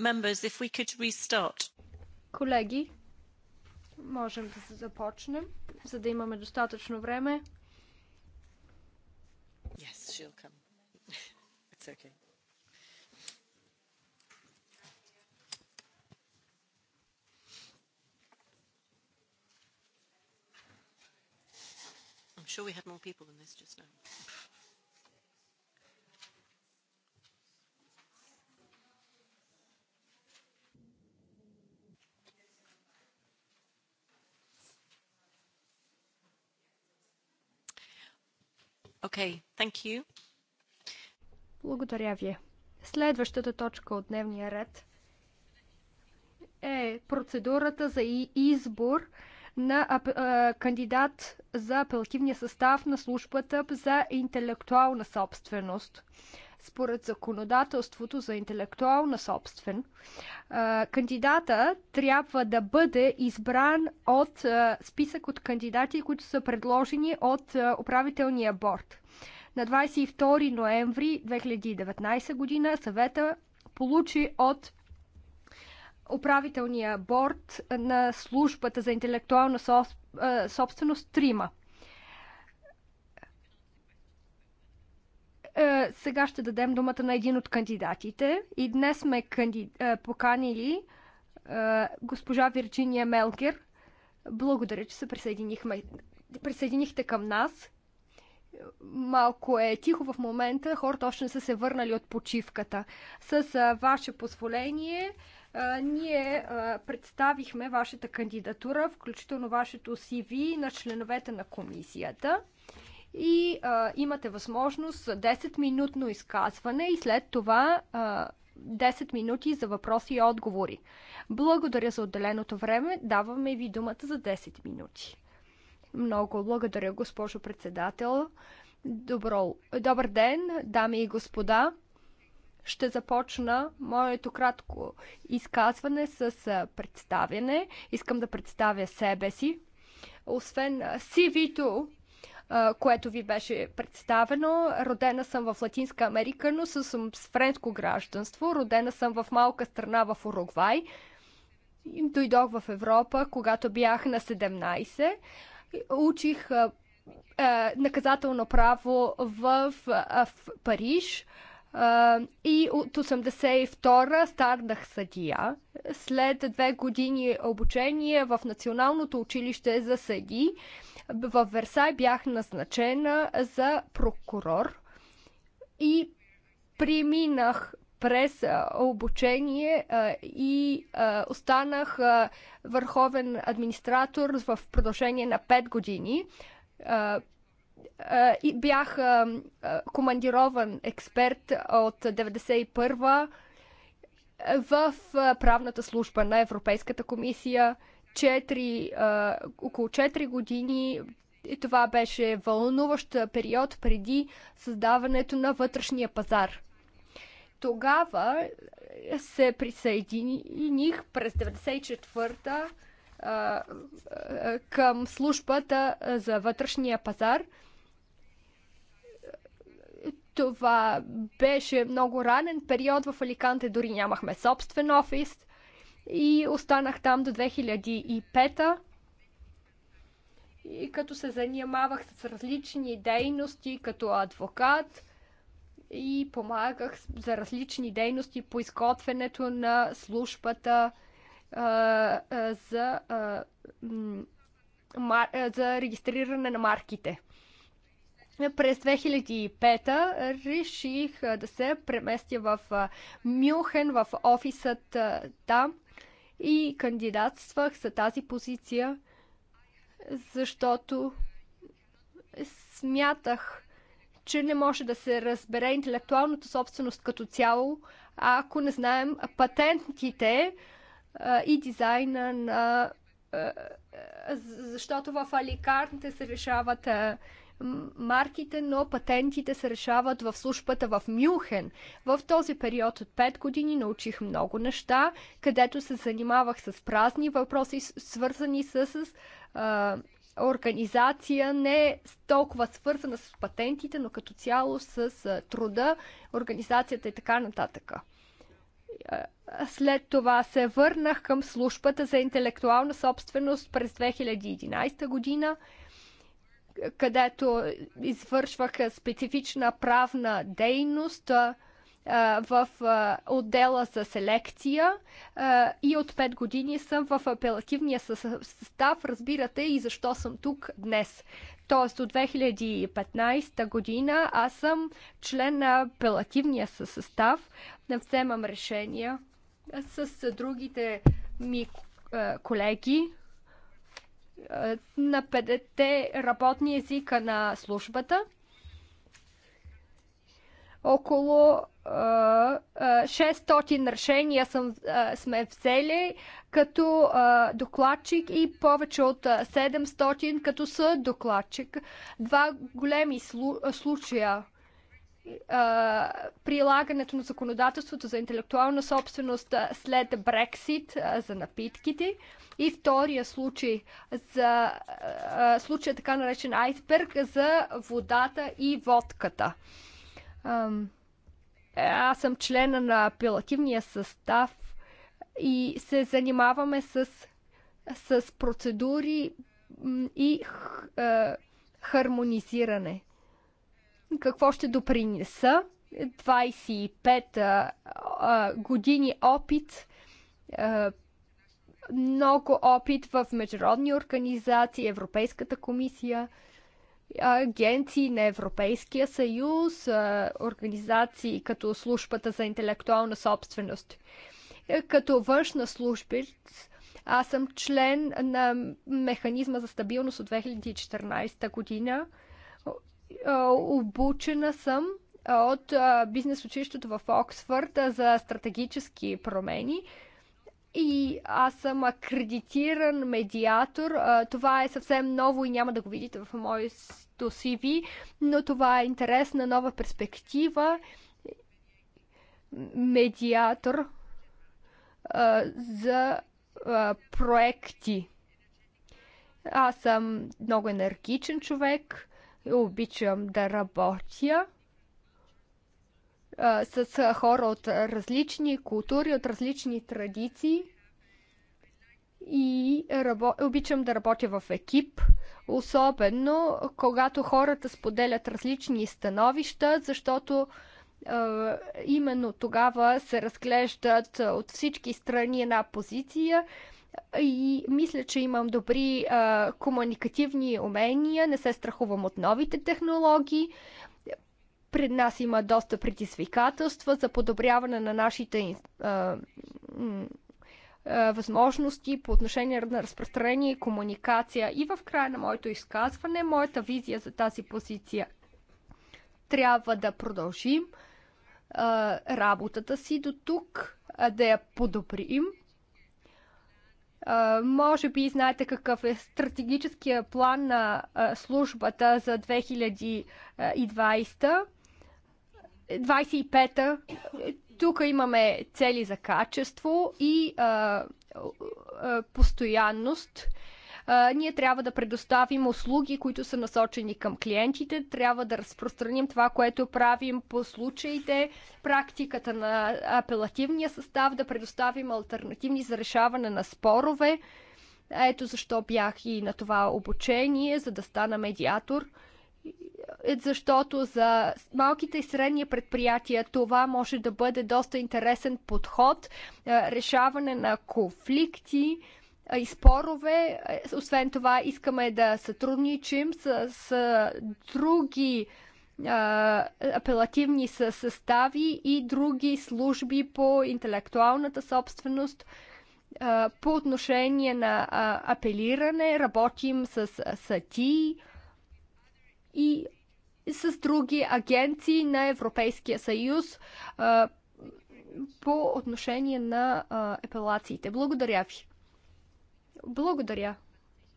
Members, if we could restart. Колеги, можем да се започнем, за да имаме достатъчно време. Yes, she'll come. It's okay. I'm sure we had more people than this just now. Okay, thank you. Благодаря ви. Следващата точка от дневния ред е процедурата за избор на кандидат за апелативния състав на службата за интелектуална собственост. Според законодателството за интелектуална собствен, кандидата трябва да бъде избран от списък от кандидати, които са предложени от управителния борт. На 22 ноември 2019 година съвета получи от управителния борт на службата за интелектуална собственост трима. Е, сега ще дадем думата на един от кандидатите. И днес сме канди... Е, поканили е, госпожа Вирджиния Мелкер. Благодаря, че се присъединихме... присъединихте към нас. Малко е тихо в момента, хората още не са се върнали от почивката. С ваше позволение, ние представихме вашата кандидатура, включително вашето CV на членовете на комисията и а, имате възможност за 10-минутно изказване и след това а, 10 минути за въпроси и отговори. Благодаря за отделеното време. Даваме ви думата за 10 минути. Много благодаря, госпожо председател. Добро, добър ден, дами и господа. Ще започна моето кратко изказване с представяне. Искам да представя себе си. Освен CV-то, което ви беше представено. Родена съм в Латинска Америка, но съм с френско гражданство. Родена съм в малка страна в Уругвай. Дойдох в Европа, когато бях на 17. Учих наказателно право в, в Париж и от 82-а станах съдия. След две години обучение в Националното училище за съди в Версай бях назначена за прокурор и преминах през обучение и останах върховен администратор в продължение на 5 години и бях командирован експерт от 91 в правната служба на Европейската комисия. 4, около 4 години и това беше вълнуващ период преди създаването на вътрешния пазар. Тогава се присъединих през 94-та към службата за вътрешния пазар – това беше много ранен период в Аликанте, дори нямахме собствен офис и останах там до 2005 -та. И като се занимавах с различни дейности като адвокат и помагах за различни дейности по изготвянето на службата а, а, за, а, за регистриране на марките. През 2005 реших да се преместя в Мюнхен, в офисът там и кандидатствах за тази позиция, защото смятах, че не може да се разбере интелектуалната собственост като цяло, ако не знаем патентите и дизайна на. Защото в аликарните се решават марките, но патентите се решават в службата в Мюнхен. В този период от 5 години научих много неща, където се занимавах с празни въпроси, свързани с, с а, организация, не толкова свързана с патентите, но като цяло с труда, организацията и така нататък. След това се върнах към службата за интелектуална собственост през 2011 година където извършваха специфична правна дейност в отдела за селекция и от 5 години съм в апелативния състав. Разбирате и защо съм тук днес. Тоест от 2015 година аз съм член на апелативния състав. Не вземам решения с другите ми колеги на петте работни езика на службата. Около 600 решения съм, сме взели като докладчик и повече от 700 като съдокладчик. Два големи случая – прилагането на законодателството за интелектуална собственост след Брексит за напитките и втория случай за случая така наречен айсберг за водата и водката. Аз съм члена на апелативния състав и се занимаваме с, с процедури и хармонизиране какво ще допринеса. 25 а, а, години опит, а, много опит в международни организации, Европейската комисия, агенции на Европейския съюз, а, организации като службата за интелектуална собственост. Е, като външна службиц, аз съм член на механизма за стабилност от 2014 година обучена съм от бизнес училището в Оксфорд за стратегически промени. И аз съм акредитиран медиатор. Това е съвсем ново и няма да го видите в моето CV, но това е интересна нова перспектива. Медиатор за проекти. Аз съм много енергичен човек Обичам да работя а, с хора от различни култури, от различни традиции. И рабо... обичам да работя в екип, особено когато хората споделят различни становища, защото именно тогава се разглеждат от всички страни една позиция и мисля, че имам добри а, комуникативни умения, не се страхувам от новите технологии. Пред нас има доста предизвикателства за подобряване на нашите а, а, възможности по отношение на разпространение и комуникация. И в края на моето изказване, моята визия за тази позиция трябва да продължим а, работата си до тук, да я подобрим – може би знаете какъв е стратегическия план на службата за 2020. 25-та. Тук имаме цели за качество и а, а, постоянност ние трябва да предоставим услуги, които са насочени към клиентите, трябва да разпространим това, което правим по случаите, практиката на апелативния състав, да предоставим альтернативни за решаване на спорове. Ето защо бях и на това обучение, за да стана медиатор е, защото за малките и средни предприятия това може да бъде доста интересен подход, решаване на конфликти, и спорове. Освен това, искаме да сътрудничим с, с други апелативни състави и други служби по интелектуалната собственост. По отношение на апелиране работим с САТИ и с други агенции на Европейския съюз по отношение на апелациите. Благодаря ви. Благодаря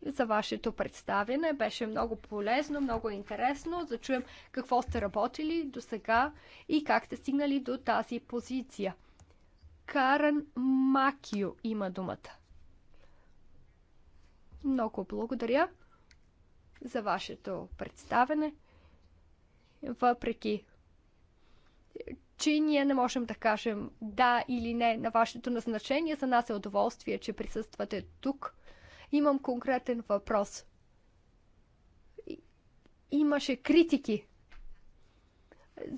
за вашето представяне. Беше много полезно, много интересно да чуем какво сте работили до сега и как сте стигнали до тази позиция. Карен Макио има думата. Много благодаря за вашето представене. Въпреки, че ние не можем да кажем да или не на вашето назначение. За нас е удоволствие, че присъствате тук. Имам конкретен въпрос. Имаше критики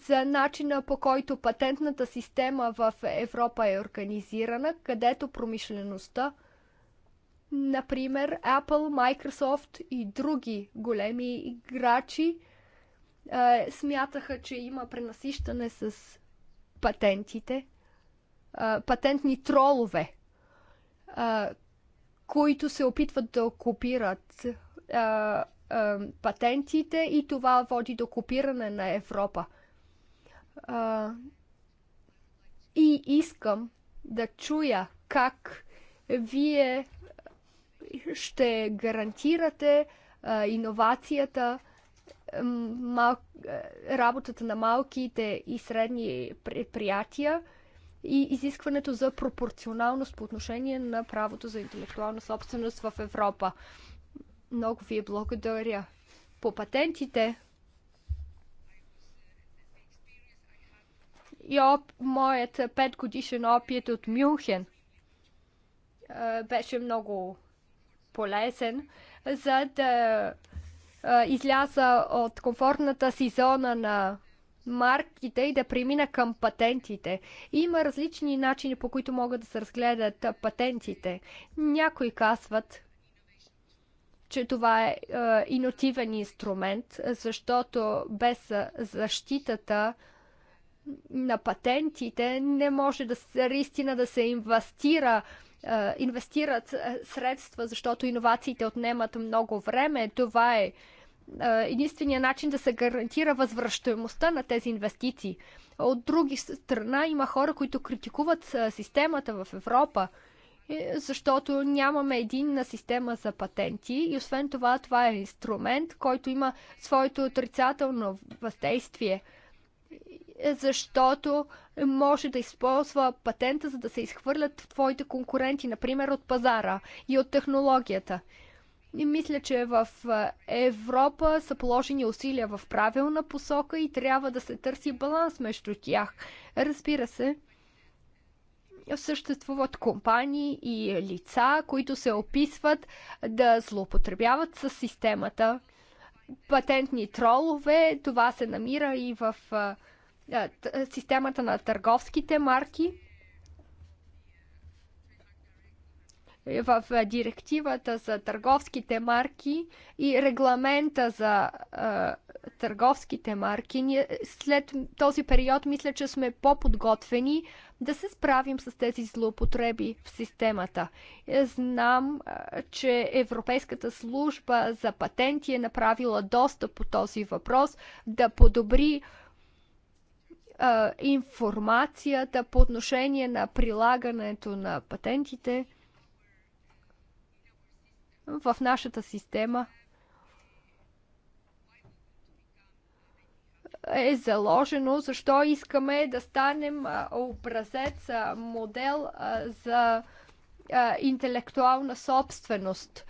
за начина по който патентната система в Европа е организирана, където промишлеността, например Apple, Microsoft и други големи играчи, смятаха, че има пренасищане с патентите, а, патентни тролове, а, които се опитват да копират а, а, патентите и това води до копиране на Европа. А, и искам да чуя как вие ще гарантирате а, иновацията мал... Е, работата на малките и средни предприятия и изискването за пропорционалност по отношение на правото за интелектуална собственост в Европа. Много ви благодаря. По патентите и оп... моят годишен опит от Мюнхен е, беше много полезен, за да изляза от комфортната си зона на марките и да премина към патентите. Има различни начини по които могат да се разгледат патентите. Някои казват, че това е, е инотивен инструмент, защото без защитата на патентите не може да се, истина да се инвестира е, инвестират средства, защото иновациите отнемат много време. Това е единствения начин да се гарантира възвръщаемостта на тези инвестиции. От други страна има хора, които критикуват системата в Европа, е, защото нямаме единна система за патенти и освен това това е инструмент, който има своето отрицателно въздействие, е, защото може да използва патента, за да се изхвърлят твоите конкуренти, например от пазара и от технологията. И мисля, че в Европа са положени усилия в правилна посока и трябва да се търси баланс между тях. Разбира се, съществуват компании и лица, които се описват да злоупотребяват с системата. Патентни тролове, това се намира и в системата на търговските марки. в директивата за търговските марки и регламента за е, търговските марки, ние след този период мисля, че сме по-подготвени да се справим с тези злоупотреби в системата. Е, знам, че Европейската служба за патенти е направила доста по този въпрос да подобри е, информацията по отношение на прилагането на патентите – в нашата система е заложено, защо искаме да станем образец, модел за интелектуална собственост.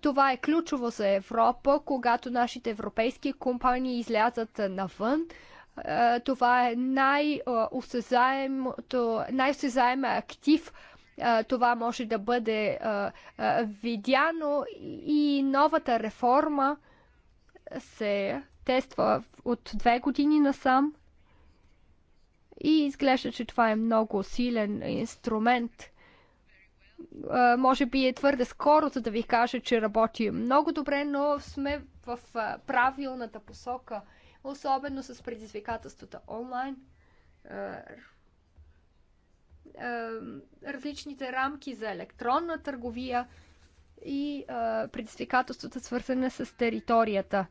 Това е ключово за Европа, когато нашите европейски компании излязат навън. Това е най осезаем най актив, това може да бъде видяно и новата реформа се тества от две години насам и изглежда, че това е много силен инструмент. Може би е твърде скоро, за да ви кажа, че работи много добре, но сме в правилната посока, особено с предизвикателствата онлайн е, различните рамки за електронна търговия и е, предизвикателствата, свързани с територията.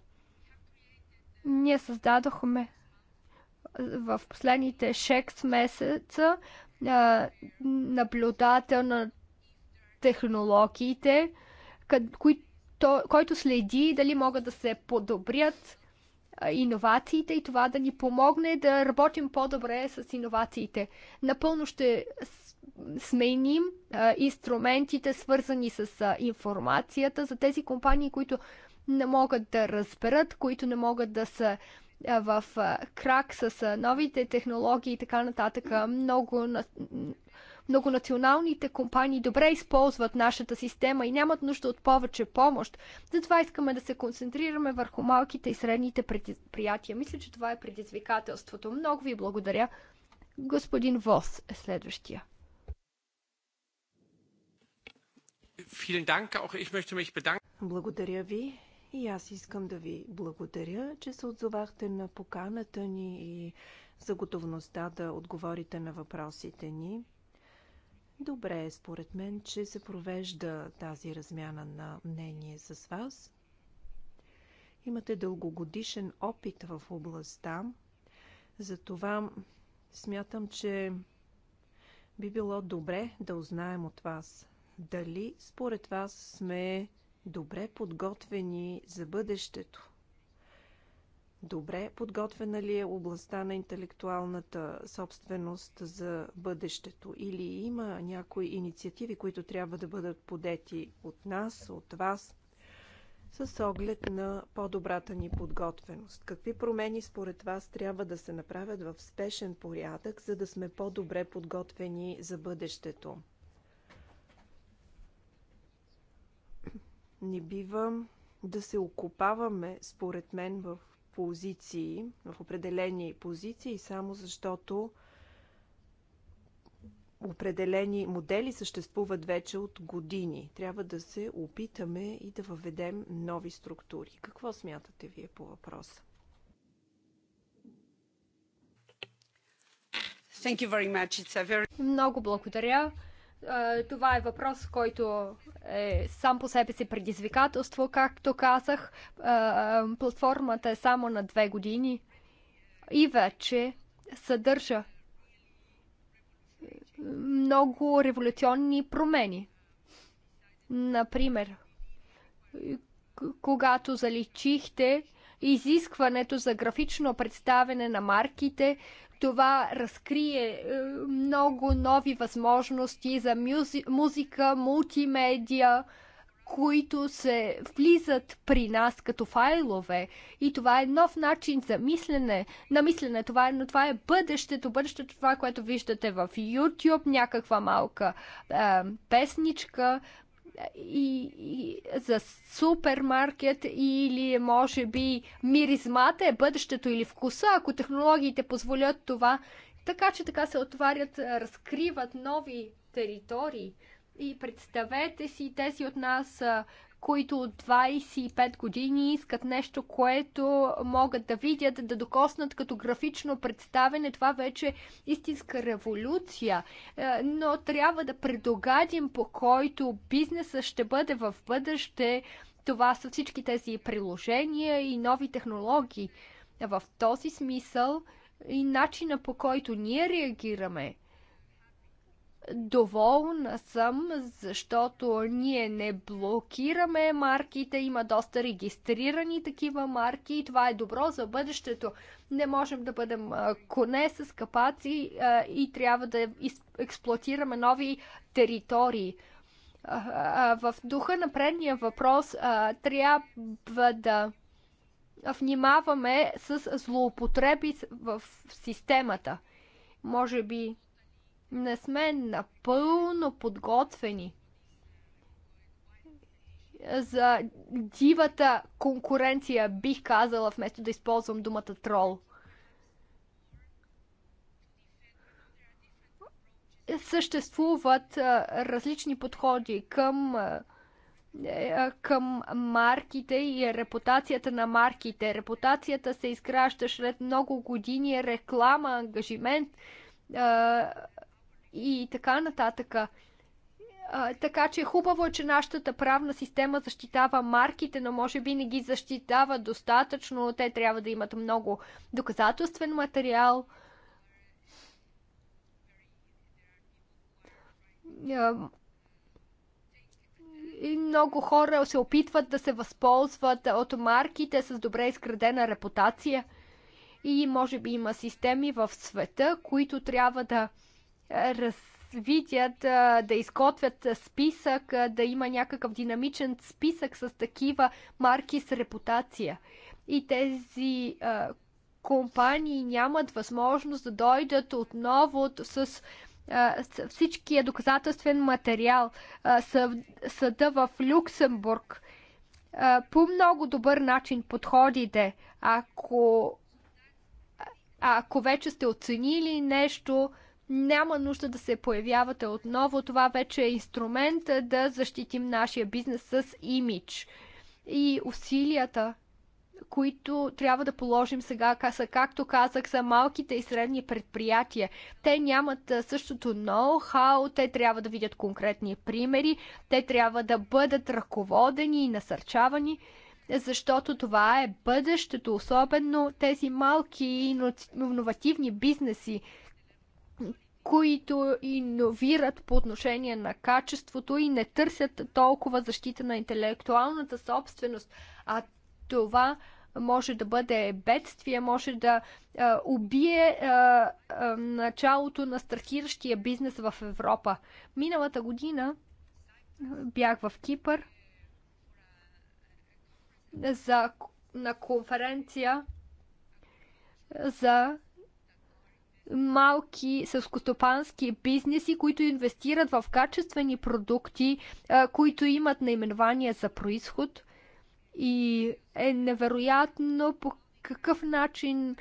Ние създадохме е, в последните 6 месеца наблюдател на технологиите, който следи дали могат да се подобрят иновациите и това да ни помогне да работим по-добре с иновациите. Напълно ще сменим а, инструментите, свързани с а, информацията за тези компании, които не могат да разберат, които не могат да са в крак с новите технологии и така нататък. Много Многонационалните компании добре използват нашата система и нямат нужда от повече помощ. Затова искаме да се концентрираме върху малките и средните предприятия. Мисля, че това е предизвикателството. Много ви благодаря. Господин Вос е следващия. Благодаря ви. И аз искам да ви благодаря, че се отзовахте на поканата ни и за готовността да отговорите на въпросите ни. Добре е според мен, че се провежда тази размяна на мнение с вас. Имате дългогодишен опит в областта, затова смятам, че би било добре да узнаем от вас дали според вас сме добре подготвени за бъдещето, Добре подготвена ли е областта на интелектуалната собственост за бъдещето? Или има някои инициативи, които трябва да бъдат подети от нас, от вас, с оглед на по-добрата ни подготвеност? Какви промени според вас трябва да се направят в спешен порядък, за да сме по-добре подготвени за бъдещето? Не бива да се окупаваме, според мен, в позиции, в определени позиции, само защото определени модели съществуват вече от години. Трябва да се опитаме и да въведем нови структури. Какво смятате вие по въпроса? Very... Много благодаря. Това е въпрос, който е сам по себе си предизвикателство. Както казах, платформата е само на две години и вече съдържа много революционни промени. Например, когато заличихте изискването за графично представяне на марките, това разкрие е, много нови възможности за музика, мултимедия, които се влизат при нас като файлове. И това е нов начин за мислене, на мислене. Това е, но това е бъдещето, бъдещето е това, което виждате в YouTube, някаква малка е, песничка, и, и за супермаркет или може би миризмата е бъдещето или вкуса, ако технологиите позволят това. Така че така се отварят, разкриват нови територии. И представете си тези от нас, които от 25 години искат нещо, което могат да видят, да докоснат като графично представене. Това вече е истинска революция. Е, но трябва да предогадим по който бизнеса ще бъде в бъдеще. Това са всички тези приложения и нови технологии. В този смисъл и начина по който ние реагираме – Доволна съм, защото ние не блокираме марките, има доста регистрирани такива марки и това е добро за бъдещето. Не можем да бъдем коне с капаци и трябва да експлуатираме нови територии. В духа на предния въпрос трябва да внимаваме с злоупотреби в системата. Може би не сме напълно подготвени за дивата конкуренция, бих казала, вместо да използвам думата трол. Съществуват различни подходи към към марките и репутацията на марките. Репутацията се изгражда след много години реклама, ангажимент, и така нататък. А, така че е хубаво е, че нашата правна система защитава марките, но може би не ги защитава достатъчно. Те трябва да имат много доказателствен материал. и много хора се опитват да се възползват от марките с добре изградена репутация. И може би има системи в света, които трябва да развидят, да изготвят списък, да има някакъв динамичен списък с такива марки с репутация. И тези компании нямат възможност да дойдат отново с всичкия доказателствен материал. Съда в Люксембург по много добър начин подходите, ако, ако вече сте оценили нещо, няма нужда да се появявате отново. Това вече е инструмент е, да защитим нашия бизнес с имидж. И усилията, които трябва да положим сега, са, както казах, са малките и средни предприятия. Те нямат е, същото ноу-хау, те трябва да видят конкретни примери, те трябва да бъдат ръководени и насърчавани, защото това е бъдещето, особено тези малки и иновативни бизнеси които иновират по отношение на качеството и не търсят толкова защита на интелектуалната собственост, а това може да бъде бедствие, може да а, убие а, а, началото на стартиращия бизнес в Европа. Миналата година бях в Кипър за, на конференция за малки съвскостопански бизнеси, които инвестират в качествени продукти, които имат наименование за происход. И е невероятно по какъв начин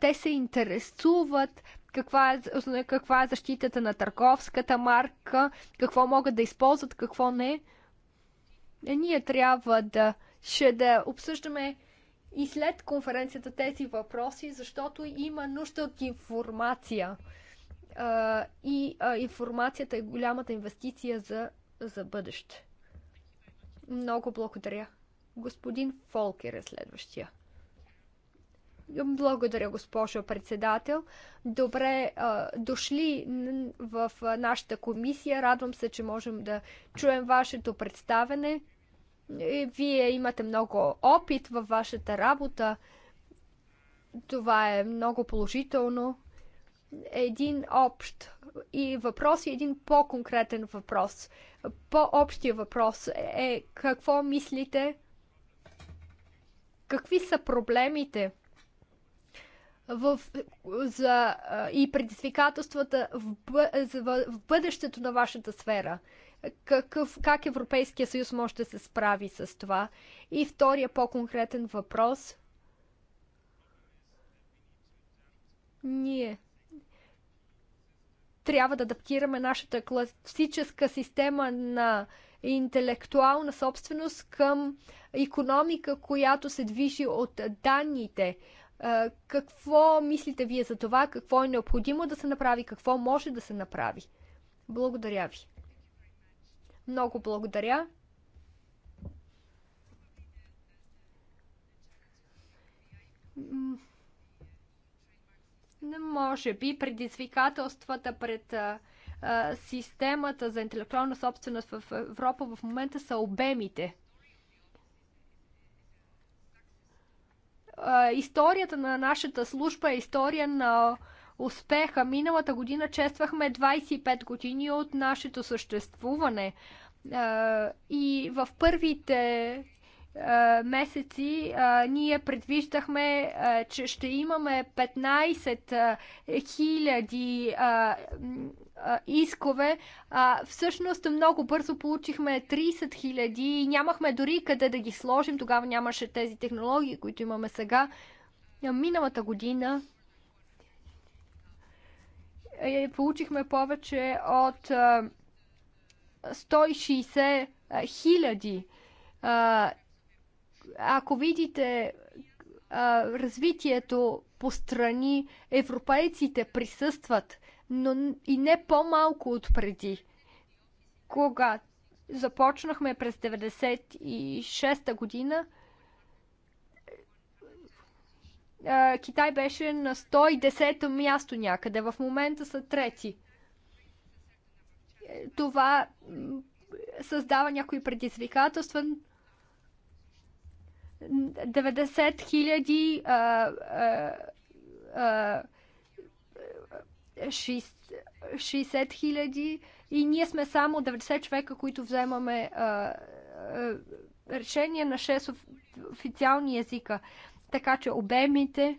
те се интересуват каква е, каква е защитата на търговската марка, какво могат да използват, какво не. Е, ние трябва да ще да обсъждаме и след конференцията тези въпроси, защото има нужда от информация. А, и а, информацията е голямата инвестиция за, за бъдеще. Много благодаря. Господин Фолкер е следващия. Благодаря, госпожо председател. Добре а, дошли в нашата комисия. Радвам се, че можем да чуем вашето представене. Е, вие имате много опит във вашата работа. Това е много положително. Един общ и въпрос и един по-конкретен въпрос. По-общия въпрос е какво мислите? Какви са проблемите? в, за, и предизвикателствата в, в бъдещето на вашата сфера какъв, как Европейския съюз може да се справи с това? И втория по-конкретен въпрос. Ние трябва да адаптираме нашата класическа система на интелектуална собственост към економика, която се движи от данните. Какво мислите вие за това? Какво е необходимо да се направи? Какво може да се направи? Благодаря ви. Много благодаря. Не Може би предизвикателствата пред системата за интелектуална собственост в Европа в момента са обемите. Историята на нашата служба е история на успеха. Миналата година чествахме 25 години от нашето съществуване. Е, и в първите е, месеци е, ние предвиждахме, че ще имаме 15 000 искове. Всъщност много бързо получихме 30 000 и нямахме дори къде да ги сложим. Тогава нямаше тези технологии, които имаме сега. Миналата година е, е, получихме повече от 160 хиляди. Ако видите развитието по страни, европейците присъстват, но и не по-малко от преди. Кога започнахме през 96-та година, Китай беше на 110-то място някъде. В момента са трети. Е, това създава някои предизвикателства. 90 хиляди 60 хиляди и ние сме само 90 човека, които вземаме а, а, решение на 6 официални езика така че обемите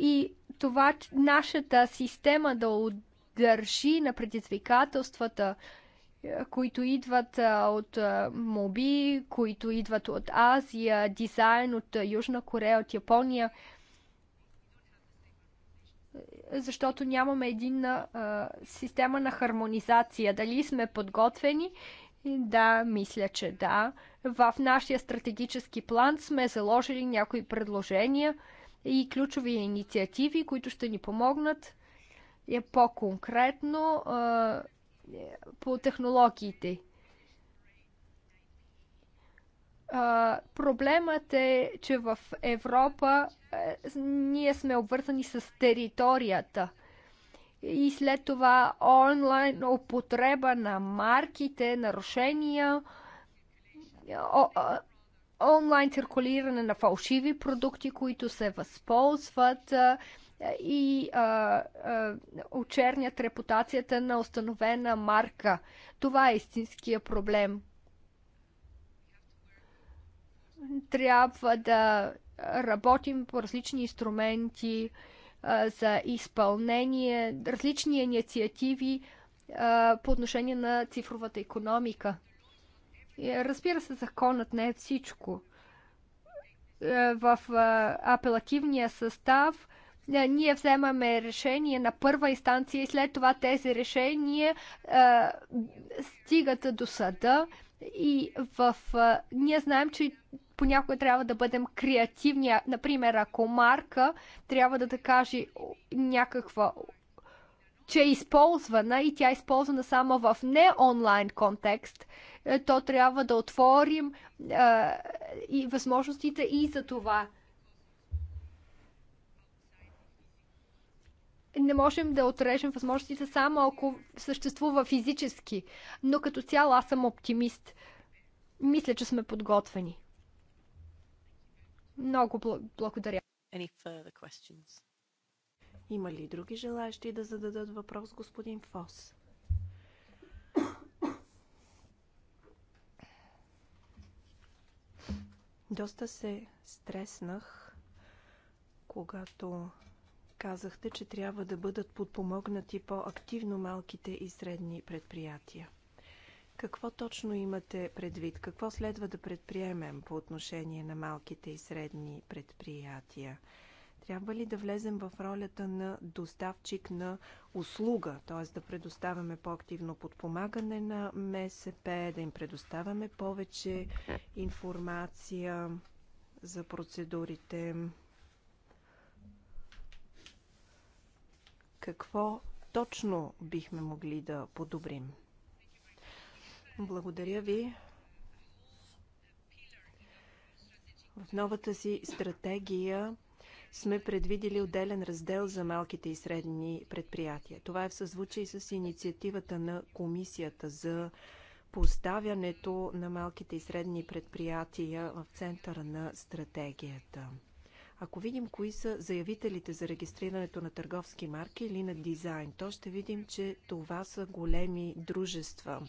и това нашата система да удържи на предизвикателствата, е, които идват е, от е, моби, които идват от Азия, дизайн от Южна Корея, от Япония, защото нямаме един система на хармонизация. Дали сме подготвени да, мисля, че да. В нашия стратегически план сме заложили някои предложения и ключови инициативи, които ще ни помогнат е по-конкретно по технологиите. Проблемът е, че в Европа е, ние сме обвързани с територията – и след това онлайн употреба на марките, нарушения, онлайн циркулиране на фалшиви продукти, които се възползват и очернят репутацията на установена марка. Това е истинския проблем. Трябва да работим по различни инструменти, за изпълнение, различни инициативи по отношение на цифровата економика. Разбира се, законът не е всичко. В апелативния състав ние вземаме решение на първа инстанция и след това тези решения стигат до съда и в... Ние знаем, че понякога трябва да бъдем креативни. Например, ако марка трябва да, да каже някаква че е използвана и тя е използвана само в не онлайн контекст, е, то трябва да отворим е, и възможностите и за това. не можем да отрежем възможностите само ако съществува физически. Но като цяло аз съм оптимист. Мисля, че сме подготвени. Много бл благодаря. Има ли други желаящи да зададат въпрос, господин Фос? Доста се стреснах, когато Казахте, че трябва да бъдат подпомогнати по-активно малките и средни предприятия. Какво точно имате предвид? Какво следва да предприемем по отношение на малките и средни предприятия? Трябва ли да влезем в ролята на доставчик на услуга, т.е. да предоставяме по-активно подпомагане на МСП, да им предоставяме повече информация за процедурите? Какво точно бихме могли да подобрим? Благодаря ви. В новата си стратегия сме предвидили отделен раздел за малките и средни предприятия. Това е в съзвучие с инициативата на Комисията за поставянето на малките и средни предприятия в центъра на стратегията. Ако видим кои са заявителите за регистрирането на търговски марки или на дизайн, то ще видим, че това са големи дружества.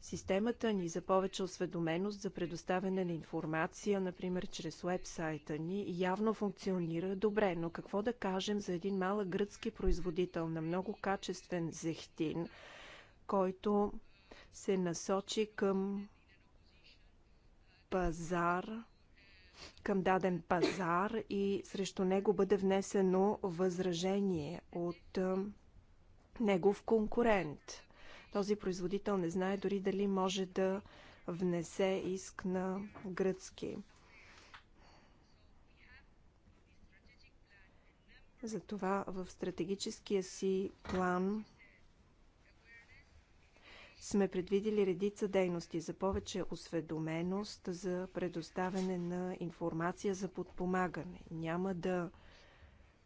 Системата ни за повече осведоменост за предоставяне на информация, например чрез уебсайта ни, явно функционира добре, но какво да кажем за един малък гръцки производител на много качествен зехтин, който се насочи към пазар, към даден пазар и срещу него бъде внесено възражение от негов конкурент. Този производител не знае дори дали може да внесе иск на гръцки. Затова в стратегическия си план сме предвидили редица дейности за повече осведоменост, за предоставяне на информация за подпомагане. Няма да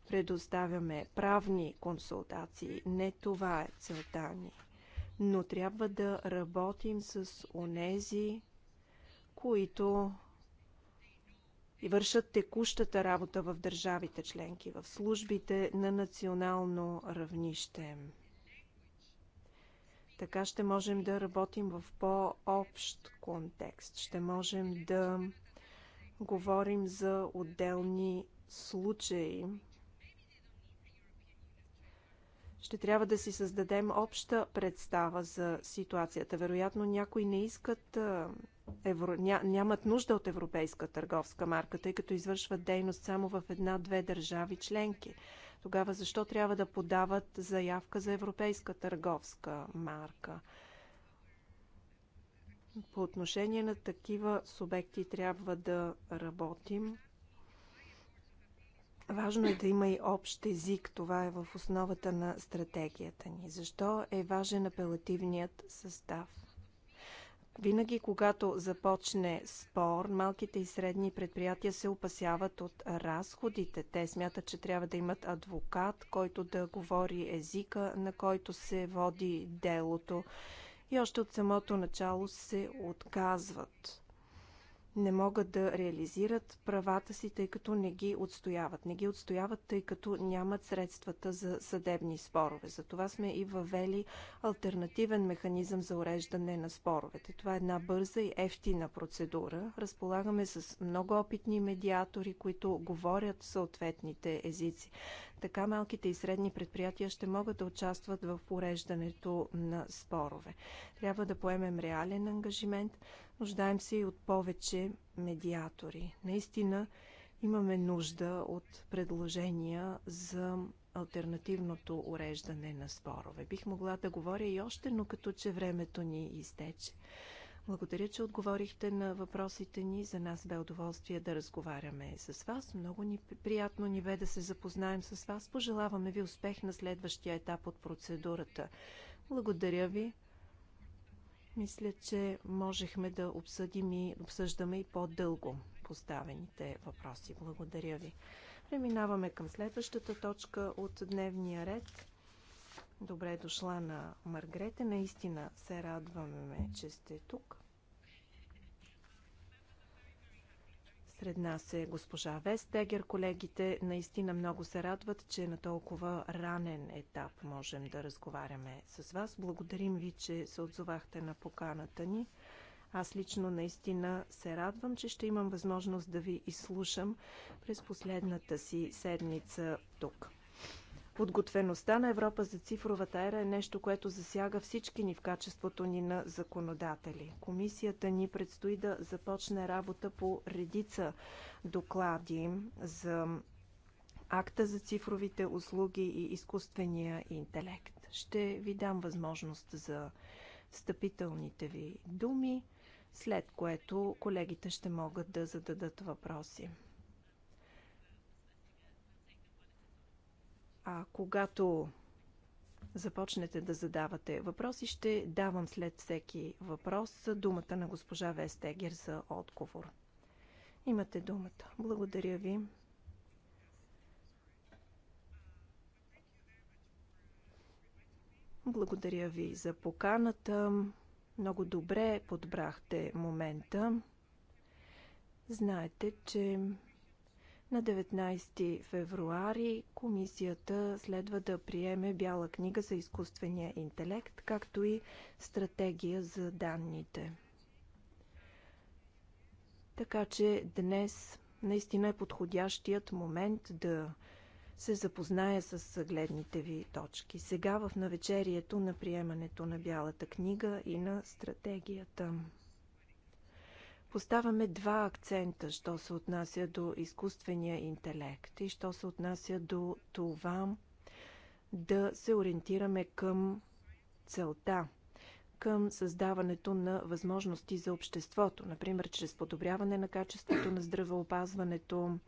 предоставяме правни консултации. Не това е целта ни. Но трябва да работим с онези, които и вършат текущата работа в държавите членки, в службите на национално равнище. Така ще можем да работим в по-общ контекст. Ще можем да говорим за отделни случаи. Ще трябва да си създадем обща представа за ситуацията. Вероятно някои не искат евро... ня... нямат нужда от европейска търговска марка, тъй като извършват дейност само в една-две държави членки. Тогава защо трябва да подават заявка за европейска търговска марка? По отношение на такива субекти трябва да работим. Важно е да има и общ език. Това е в основата на стратегията ни. Защо е важен апелативният състав? Винаги, когато започне спор, малките и средни предприятия се опасяват от разходите. Те смятат, че трябва да имат адвокат, който да говори езика, на който се води делото и още от самото начало се отказват не могат да реализират правата си, тъй като не ги отстояват. Не ги отстояват, тъй като нямат средствата за съдебни спорове. Затова сме и въвели альтернативен механизъм за уреждане на споровете. Това е една бърза и ефтина процедура. Разполагаме с много опитни медиатори, които говорят съответните езици. Така малките и средни предприятия ще могат да участват в уреждането на спорове. Трябва да поемем реален ангажимент Нуждаем се и от повече медиатори. Наистина имаме нужда от предложения за альтернативното уреждане на спорове. Бих могла да говоря и още, но като че времето ни изтече. Благодаря, че отговорихте на въпросите ни. За нас бе удоволствие да разговаряме с вас. Много ни, приятно ни бе да се запознаем с вас. Пожелаваме ви успех на следващия етап от процедурата. Благодаря ви. Мисля, че можехме да обсъдим и обсъждаме и по-дълго поставените въпроси. Благодаря ви. Преминаваме към следващата точка от дневния ред. Добре дошла на Маргрете. Наистина се радваме, че сте тук. Сред нас е госпожа Вестегер. Колегите наистина много се радват, че на толкова ранен етап можем да разговаряме с вас. Благодарим ви, че се отзовахте на поканата ни. Аз лично наистина се радвам, че ще имам възможност да ви изслушам през последната си седмица тук. Подготвеността на Европа за цифровата ера е нещо, което засяга всички ни в качеството ни на законодатели. Комисията ни предстои да започне работа по редица доклади за акта за цифровите услуги и изкуствения интелект. Ще ви дам възможност за встъпителните ви думи, след което колегите ще могат да зададат въпроси. А когато започнете да задавате въпроси, ще давам след всеки въпрос думата на госпожа Вестегер за отговор. Имате думата. Благодаря ви. Благодаря ви за поканата. Много добре подбрахте момента. Знаете, че на 19 февруари комисията следва да приеме бяла книга за изкуствения интелект, както и стратегия за данните. Така че днес наистина е подходящият момент да се запозная с гледните ви точки. Сега в навечерието на приемането на Бялата книга и на стратегията поставяме два акцента, що се отнася до изкуствения интелект и що се отнася до това да се ориентираме към целта, към създаването на възможности за обществото, например чрез подобряване на качеството на здравеопазването,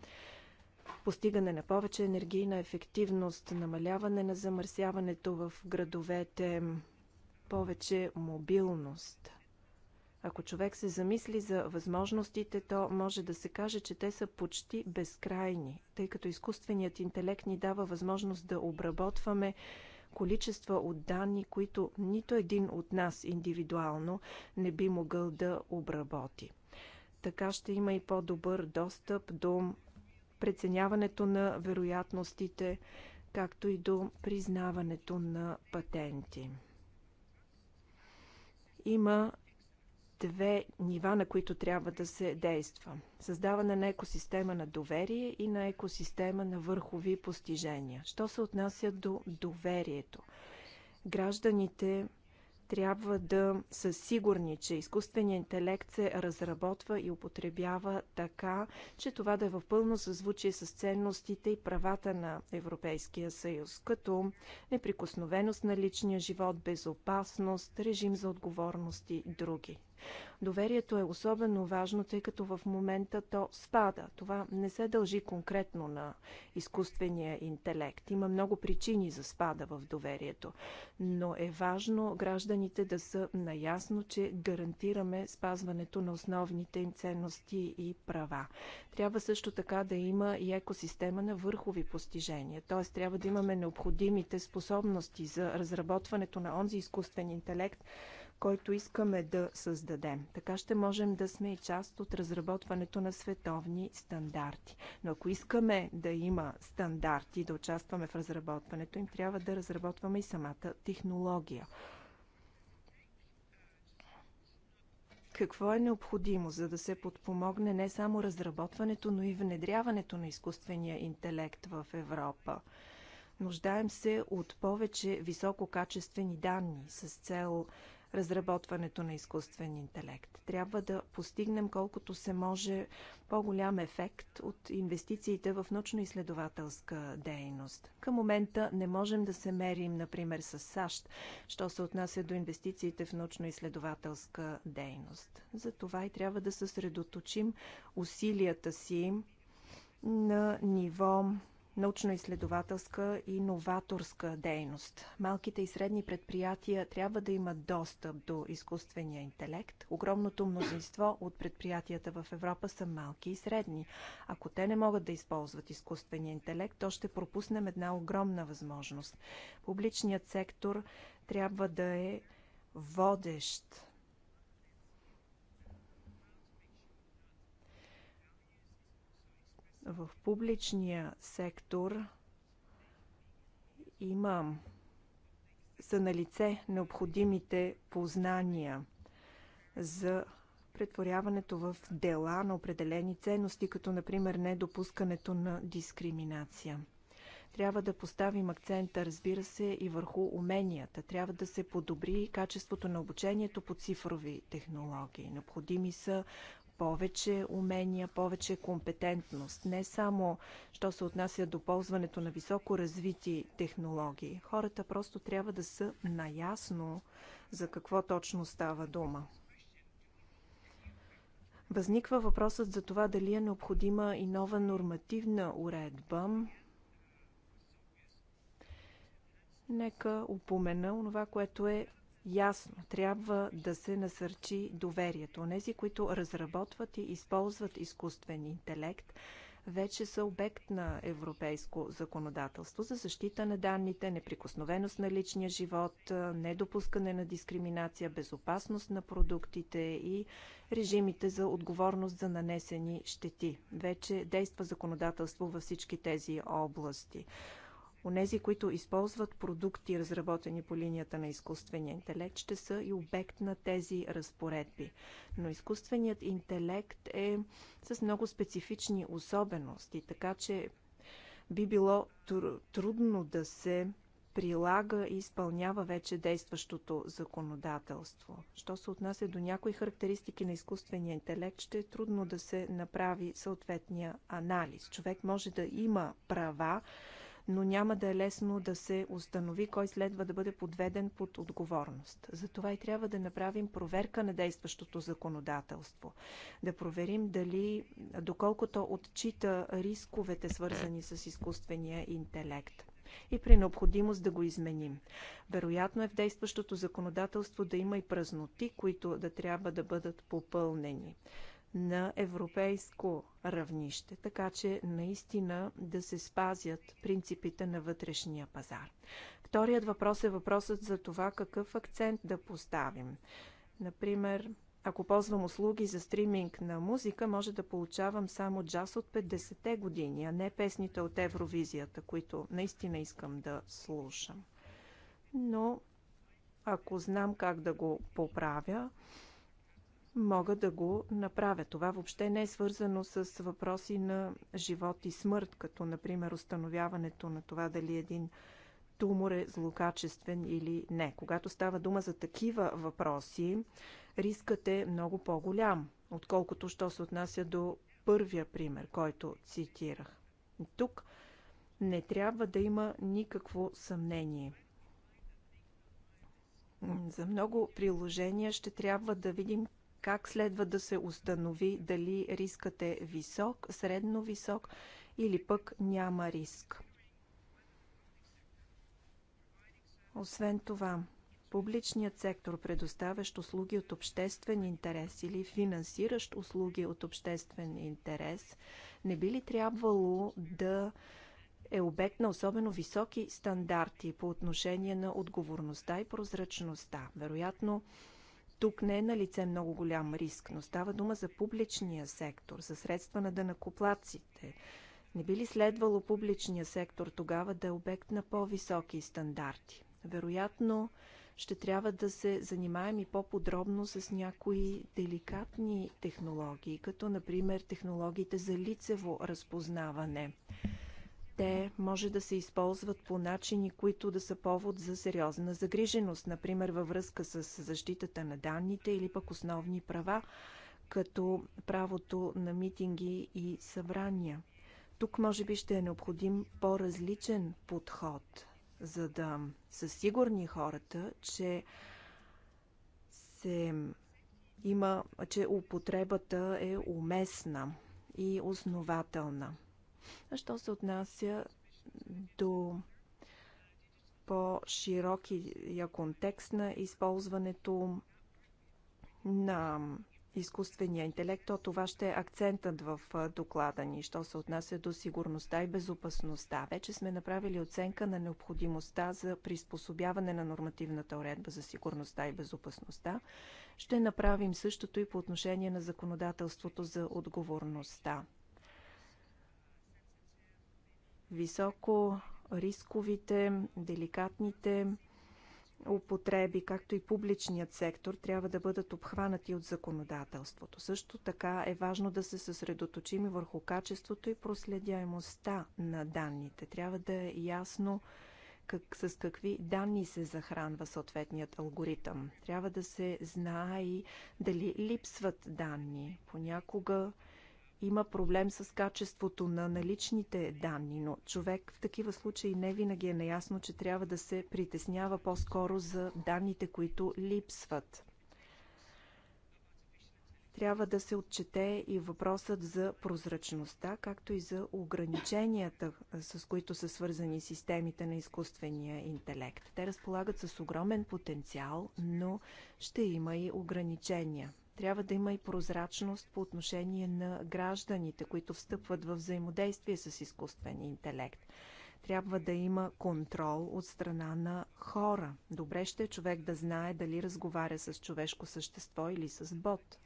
постигане на повече енергийна ефективност, намаляване на замърсяването в градовете, повече мобилност – ако човек се замисли за възможностите, то може да се каже, че те са почти безкрайни, тъй като изкуственият интелект ни дава възможност да обработваме количества от данни, които нито един от нас индивидуално не би могъл да обработи. Така ще има и по-добър достъп до преценяването на вероятностите, както и до признаването на патенти. Има две нива, на които трябва да се действа. Създаване на екосистема на доверие и на екосистема на върхови постижения. Що се отнася до доверието? Гражданите трябва да са сигурни, че изкуственият интелект се разработва и употребява така, че това да е в пълно съзвучие с ценностите и правата на Европейския съюз, като неприкосновеност на личния живот, безопасност, режим за отговорност и други. Доверието е особено важно, тъй като в момента то спада. Това не се дължи конкретно на изкуствения интелект. Има много причини за спада в доверието, но е важно гражданите да са наясно, че гарантираме спазването на основните им ценности и права. Трябва също така да има и екосистема на върхови постижения, т.е. трябва да имаме необходимите способности за разработването на онзи изкуствен интелект, който искаме да създадем. Така ще можем да сме и част от разработването на световни стандарти. Но ако искаме да има стандарти, да участваме в разработването им, трябва да разработваме и самата технология. какво е необходимо, за да се подпомогне не само разработването, но и внедряването на изкуствения интелект в Европа. Нуждаем се от повече висококачествени данни с цел разработването на изкуствен интелект. Трябва да постигнем колкото се може по-голям ефект от инвестициите в научно-изследователска дейност. Към момента не можем да се мерим, например, с САЩ, що се отнася до инвестициите в научно-изследователска дейност. Затова и трябва да съсредоточим усилията си на ниво научно-изследователска и новаторска дейност. Малките и средни предприятия трябва да имат достъп до изкуствения интелект. Огромното мнозинство от предприятията в Европа са малки и средни. Ако те не могат да използват изкуствения интелект, то ще пропуснем една огромна възможност. Публичният сектор трябва да е водещ В публичния сектор има са на лице необходимите познания за претворяването в дела на определени ценности, като например недопускането на дискриминация. Трябва да поставим акцента, разбира се, и върху уменията. Трябва да се подобри качеството на обучението по цифрови технологии. Необходими са повече умения, повече компетентност. Не само, що се отнася до ползването на високо развити технологии. Хората просто трябва да са наясно за какво точно става дума. Възниква въпросът за това дали е необходима и нова нормативна уредба. Нека упомена онова, което е Ясно, трябва да се насърчи доверието. Нези, които разработват и използват изкуствен интелект, вече са обект на европейско законодателство за защита на данните, неприкосновеност на личния живот, недопускане на дискриминация, безопасност на продуктите и режимите за отговорност за нанесени щети. Вече действа законодателство във всички тези области. Онези, които използват продукти, разработени по линията на изкуствения интелект, ще са и обект на тези разпоредби. Но изкуственият интелект е с много специфични особености, така че би било трудно да се прилага и изпълнява вече действащото законодателство. Що се отнася до някои характеристики на изкуствения интелект, ще е трудно да се направи съответния анализ. Човек може да има права, но няма да е лесно да се установи кой следва да бъде подведен под отговорност. Затова и трябва да направим проверка на действащото законодателство, да проверим дали, доколкото отчита рисковете, свързани с изкуствения интелект и при необходимост да го изменим. Вероятно е в действащото законодателство да има и празноти, които да трябва да бъдат попълнени на европейско равнище, така че наистина да се спазят принципите на вътрешния пазар. Вторият въпрос е въпросът за това какъв акцент да поставим. Например, ако ползвам услуги за стриминг на музика, може да получавам само джаз от 50-те години, а не песните от Евровизията, които наистина искам да слушам. Но ако знам как да го поправя, могат да го направят. Това въобще не е свързано с въпроси на живот и смърт, като например установяването на това дали един тумор е злокачествен или не. Когато става дума за такива въпроси, рискът е много по-голям, отколкото що се отнася до първия пример, който цитирах. Тук не трябва да има никакво съмнение. За много приложения ще трябва да видим как следва да се установи дали рискът е висок, средно висок или пък няма риск. Освен това, публичният сектор, предоставящ услуги от обществен интерес или финансиращ услуги от обществен интерес, не би ли трябвало да е обект на особено високи стандарти по отношение на отговорността и прозрачността? Вероятно, тук не е на лице много голям риск, но става дума за публичния сектор, за средства на дънакоплаците. Не би ли следвало публичния сектор тогава да е обект на по-високи стандарти? Вероятно, ще трябва да се занимаем и по-подробно с някои деликатни технологии, като например технологиите за лицево разпознаване – те може да се използват по начини, които да са повод за сериозна загриженост, например във връзка с защитата на данните или пък основни права, като правото на митинги и събрания. Тук може би ще е необходим по-различен подход, за да са сигурни хората, че се има, че употребата е уместна и основателна. А що се отнася до по-широкия контекст на използването на изкуствения интелект, то това ще е акцентът в доклада ни, що се отнася до сигурността и безопасността. Вече сме направили оценка на необходимостта за приспособяване на нормативната уредба за сигурността и безопасността. Ще направим същото и по отношение на законодателството за отговорността високо рисковите, деликатните употреби, както и публичният сектор, трябва да бъдат обхванати от законодателството. Също така е важно да се съсредоточим и върху качеството и проследяемостта на данните. Трябва да е ясно как, с какви данни се захранва съответният алгоритъм. Трябва да се знае и дали липсват данни. Понякога има проблем с качеството на наличните данни, но човек в такива случаи не винаги е наясно, че трябва да се притеснява по-скоро за данните, които липсват. Трябва да се отчете и въпросът за прозрачността, както и за ограниченията, с които са свързани системите на изкуствения интелект. Те разполагат с огромен потенциал, но ще има и ограничения. Трябва да има и прозрачност по отношение на гражданите, които встъпват в взаимодействие с изкуствения интелект. Трябва да има контрол от страна на хора. Добре ще е човек да знае дали разговаря с човешко същество или с бот.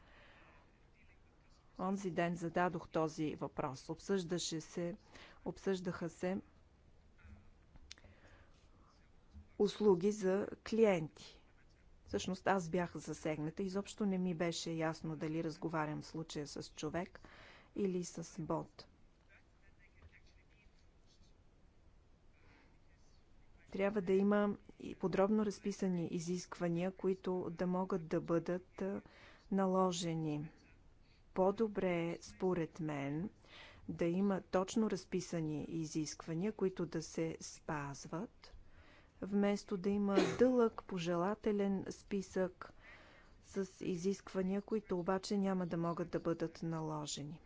Онзи ден зададох този въпрос. Обсъждаше се, обсъждаха се услуги за клиенти. Всъщност аз бях засегната. Изобщо не ми беше ясно дали разговарям в случая с човек или с бот. Трябва да има и подробно разписани изисквания, които да могат да бъдат наложени. По-добре, е, според мен, да има точно разписани изисквания, които да се спазват вместо да има дълъг пожелателен списък с изисквания, които обаче няма да могат да бъдат наложени.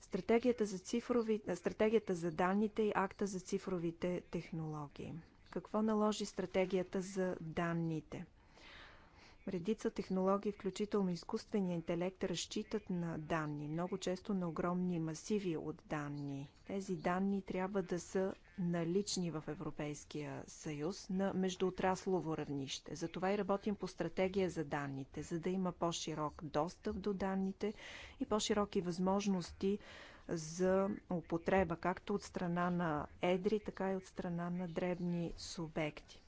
Стратегията за, цифрови, стратегията за данните и акта за цифровите технологии. Какво наложи стратегията за данните? Редица технологии, включително изкуствения интелект, разчитат на данни, много често на огромни масиви от данни. Тези данни трябва да са налични в Европейския съюз на междуотраслово равнище. Затова и работим по стратегия за данните, за да има по-широк достъп до данните и по-широки възможности за употреба, както от страна на едри, така и от страна на дребни субекти.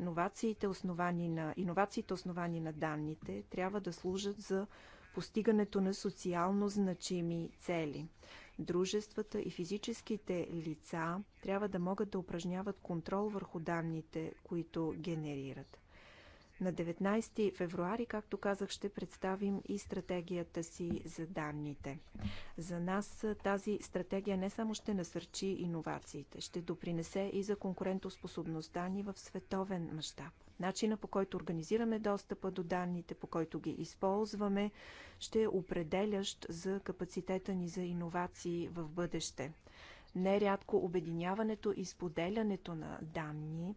Новациите, основани на, иновациите, основани на данните, трябва да служат за постигането на социално значими цели. Дружествата и физическите лица трябва да могат да упражняват контрол върху данните, които генерират. На 19 февруари, както казах, ще представим и стратегията си за данните. За нас тази стратегия не само ще насърчи иновациите, ще допринесе и за конкурентоспособността ни в световен мащаб. Начина по който организираме достъпа до данните, по който ги използваме, ще е определящ за капацитета ни за иновации в бъдеще. Нерядко обединяването и споделянето на данни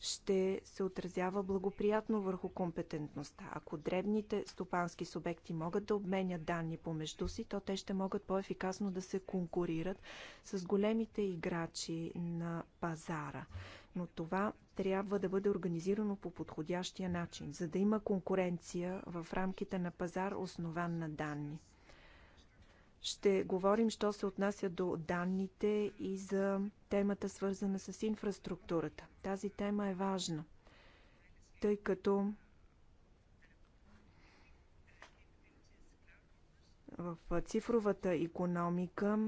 ще се отразява благоприятно върху компетентността. Ако дребните стопански субекти могат да обменят данни помежду си, то те ще могат по-ефикасно да се конкурират с големите играчи на пазара. Но това трябва да бъде организирано по подходящия начин, за да има конкуренция в рамките на пазар, основан на данни. Ще говорим, що се отнася до данните и за темата свързана с инфраструктурата. Тази тема е важна, тъй като в цифровата економика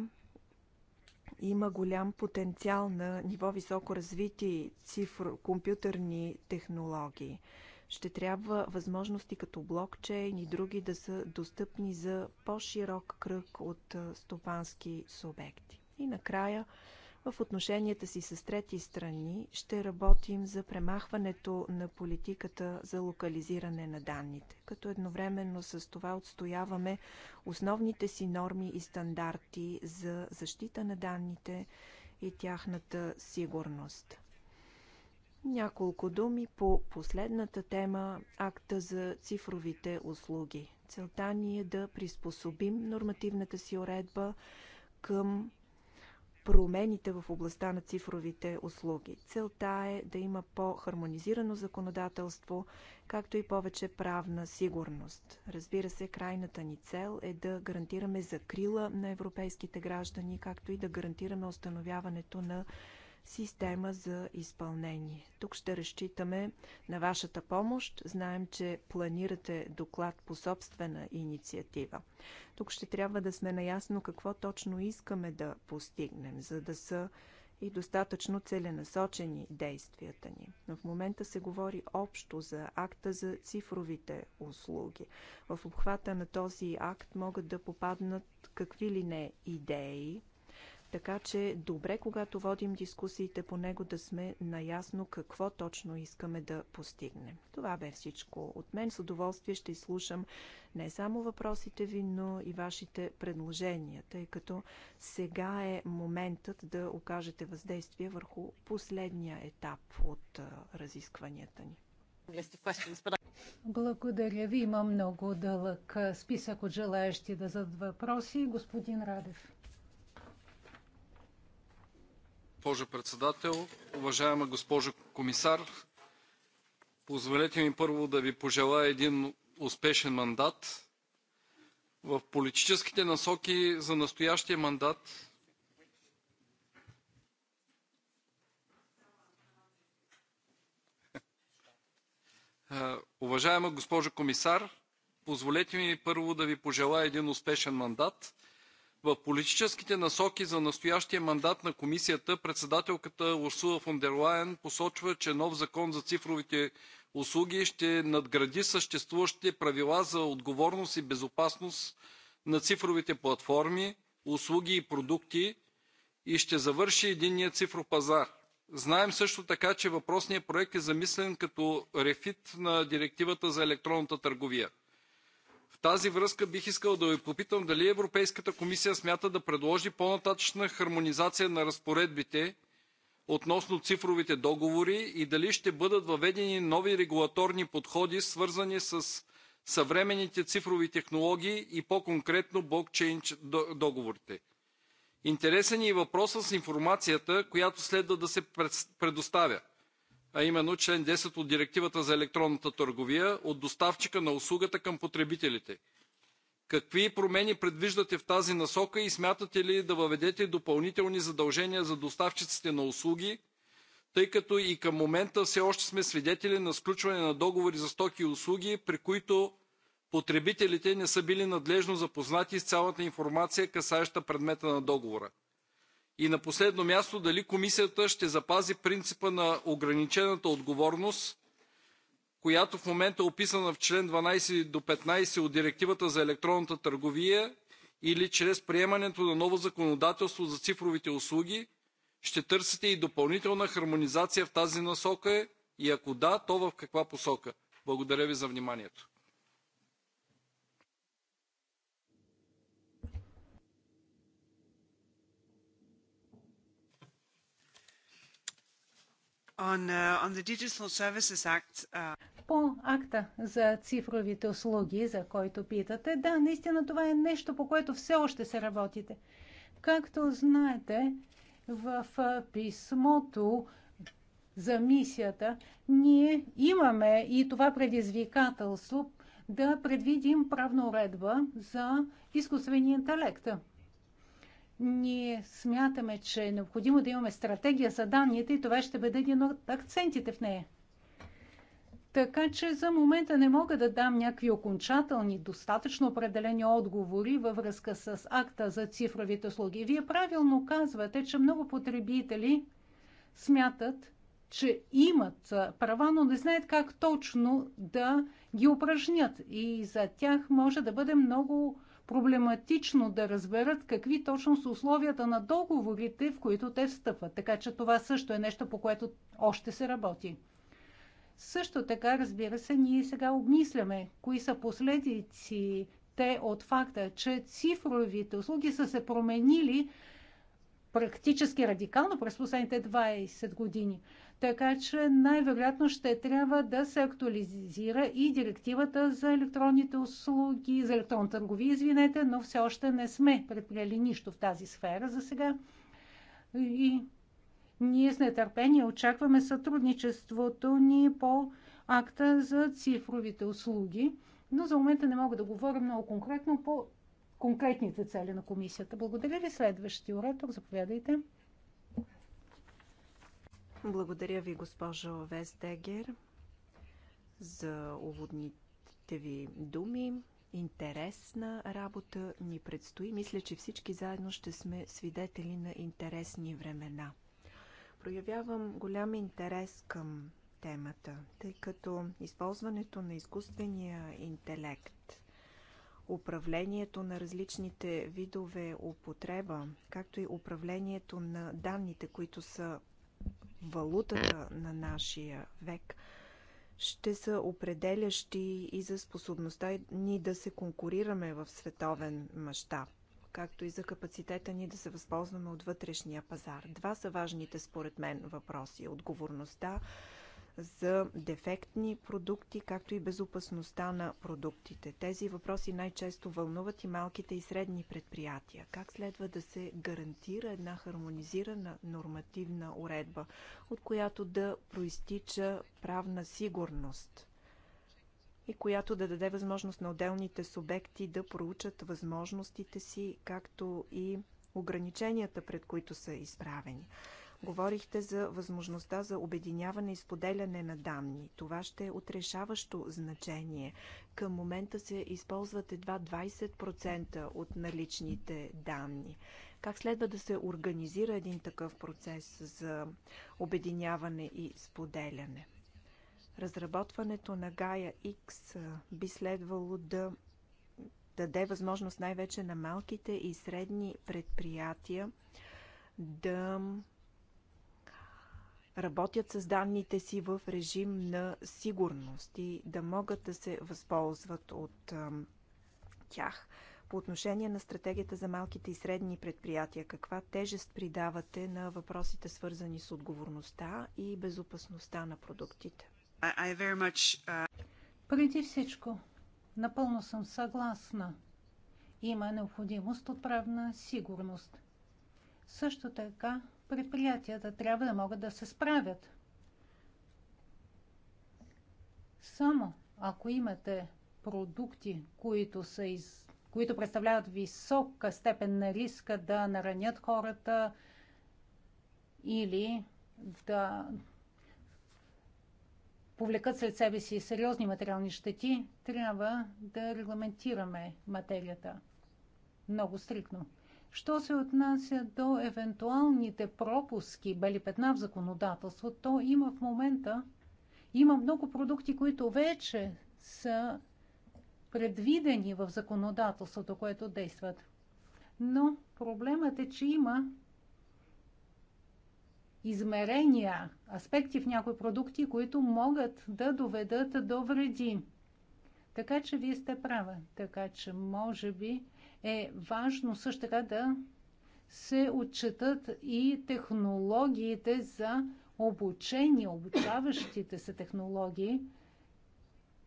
има голям потенциал на ниво високо развитие цифро- компютърни технологии – ще трябва възможности като блокчейн и други да са достъпни за по-широк кръг от стопански субекти. И накрая, в отношенията си с трети страни ще работим за премахването на политиката за локализиране на данните, като едновременно с това отстояваме основните си норми и стандарти за защита на данните и тяхната сигурност. Няколко думи по последната тема акта за цифровите услуги. Целта ни е да приспособим нормативната си уредба към промените в областта на цифровите услуги. Целта е да има по-хармонизирано законодателство, както и повече правна сигурност. Разбира се, крайната ни цел е да гарантираме закрила на европейските граждани, както и да гарантираме установяването на система за изпълнение. Тук ще разчитаме на вашата помощ. Знаем, че планирате доклад по собствена инициатива. Тук ще трябва да сме наясно какво точно искаме да постигнем, за да са и достатъчно целенасочени действията ни. Но в момента се говори общо за акта за цифровите услуги. В обхвата на този акт могат да попаднат какви ли не идеи, така че е добре, когато водим дискусиите по него, да сме наясно какво точно искаме да постигнем. Това бе всичко от мен. С удоволствие ще изслушам не само въпросите ви, но и вашите предложения, тъй като сега е моментът да окажете въздействие върху последния етап от разискванията ни. Благодаря ви. Има много дълъг списък от желаящи да зададат въпроси. Господин Радев. госпожо председател. Уважаема госпожо комисар, позволете ми първо да Ви пожелая един успешен мандат. В политическите насоки за настоящия мандат Уважаема госпожо комисар, позволете ми първо да Ви пожелая един успешен мандат. В политическите насоки за настоящия мандат на Комисията председателката Урсула фон дер Лайен посочва, че нов закон за цифровите услуги ще надгради съществуващите правила за отговорност и безопасност на цифровите платформи, услуги и продукти и ще завърши единния цифров пазар. Знаем също така, че въпросният проект е замислен като рефит на директивата за електронната търговия тази връзка бих искал да ви попитам дали Европейската комисия смята да предложи по-нататъшна хармонизация на разпоредбите относно цифровите договори и дали ще бъдат въведени нови регулаторни подходи, свързани с съвременните цифрови технологии и по-конкретно блокчейн договорите. Интересен е и въпросът с информацията, която следва да се предоставя а именно член 10 от Директивата за електронната търговия от доставчика на услугата към потребителите. Какви промени предвиждате в тази насока и смятате ли да въведете допълнителни задължения за доставчиците на услуги, тъй като и към момента все още сме свидетели на сключване на договори за стоки и услуги, при които потребителите не са били надлежно запознати с цялата информация, касаеща предмета на договора. И на последно място, дали комисията ще запази принципа на ограничената отговорност, която в момента е описана в член 12 до 15 от Директивата за електронната търговия или чрез приемането на ново законодателство за цифровите услуги, ще търсите и допълнителна хармонизация в тази насока и ако да, то в каква посока? Благодаря ви за вниманието. Uh, uh, по акта за цифровите услуги, за който питате, да, наистина това е нещо, по което все още се работите. Както знаете, в писмото за мисията, ние имаме и това предизвикателство да предвидим правна уредба за изкуствения интелект. Ние смятаме, че е необходимо да имаме стратегия за данните и това ще бъде един от акцентите в нея. Така че за момента не мога да дам някакви окончателни, достатъчно определени отговори във връзка с акта за цифровите услуги. Вие правилно казвате, че много потребители смятат, че имат права, но не знаят как точно да ги упражнят. И за тях може да бъде много проблематично да разберат какви точно са условията на договорите, в които те встъпват. Така че това също е нещо, по което още се работи. Също така, разбира се, ние сега обмисляме кои са последиците от факта, че цифровите услуги са се променили практически радикално през последните 20 години. Така че най-вероятно ще трябва да се актуализира и директивата за електронните услуги, за електронна търговия, извинете, но все още не сме предприели нищо в тази сфера за сега. И ние с нетърпение очакваме сътрудничеството ни по акта за цифровите услуги, но за момента не мога да говоря много конкретно по конкретните цели на комисията. Благодаря ви. Следващи оратор, заповядайте. Благодаря ви, госпожо Вестегер, за уводните ви думи. Интересна работа ни предстои. Мисля, че всички заедно ще сме свидетели на интересни времена. Проявявам голям интерес към темата, тъй като използването на изкуствения интелект, управлението на различните видове употреба, както и управлението на данните, които са валутата на нашия век ще са определящи и за способността ни да се конкурираме в световен мащаб, както и за капацитета ни да се възползваме от вътрешния пазар. Два са важните според мен въпроси. Отговорността за дефектни продукти, както и безопасността на продуктите. Тези въпроси най-често вълнуват и малките и средни предприятия. Как следва да се гарантира една хармонизирана нормативна уредба, от която да проистича правна сигурност? и която да даде възможност на отделните субекти да проучат възможностите си, както и ограниченията, пред които са изправени. Говорихте за възможността за обединяване и споделяне на данни. Това ще е отрешаващо значение. Към момента се използват едва 20% от наличните данни. Как следва да се организира един такъв процес за обединяване и споделяне? Разработването на Gaia X би следвало да даде възможност най-вече на малките и средни предприятия да работят с данните си в режим на сигурност и да могат да се възползват от а, тях. По отношение на стратегията за малките и средни предприятия, каква тежест придавате на въпросите свързани с отговорността и безопасността на продуктите? I, I much, uh... Преди всичко, напълно съм съгласна. Има необходимост от правна сигурност. Също така предприятията трябва да могат да се справят. Само ако имате продукти, които, са из... които представляват висока степен на риска да наранят хората или да повлекат след себе си сериозни материални щети, трябва да регламентираме материята много стрикно. Що се отнася до евентуалните пропуски, бели петна в законодателството, то има в момента има много продукти, които вече са предвидени в законодателството, което действат. Но проблемът е, че има измерения, аспекти в някои продукти, които могат да доведат до вреди. Така че вие сте права. Така че може би е важно също така да се отчитат и технологиите за обучение, обучаващите се технологии.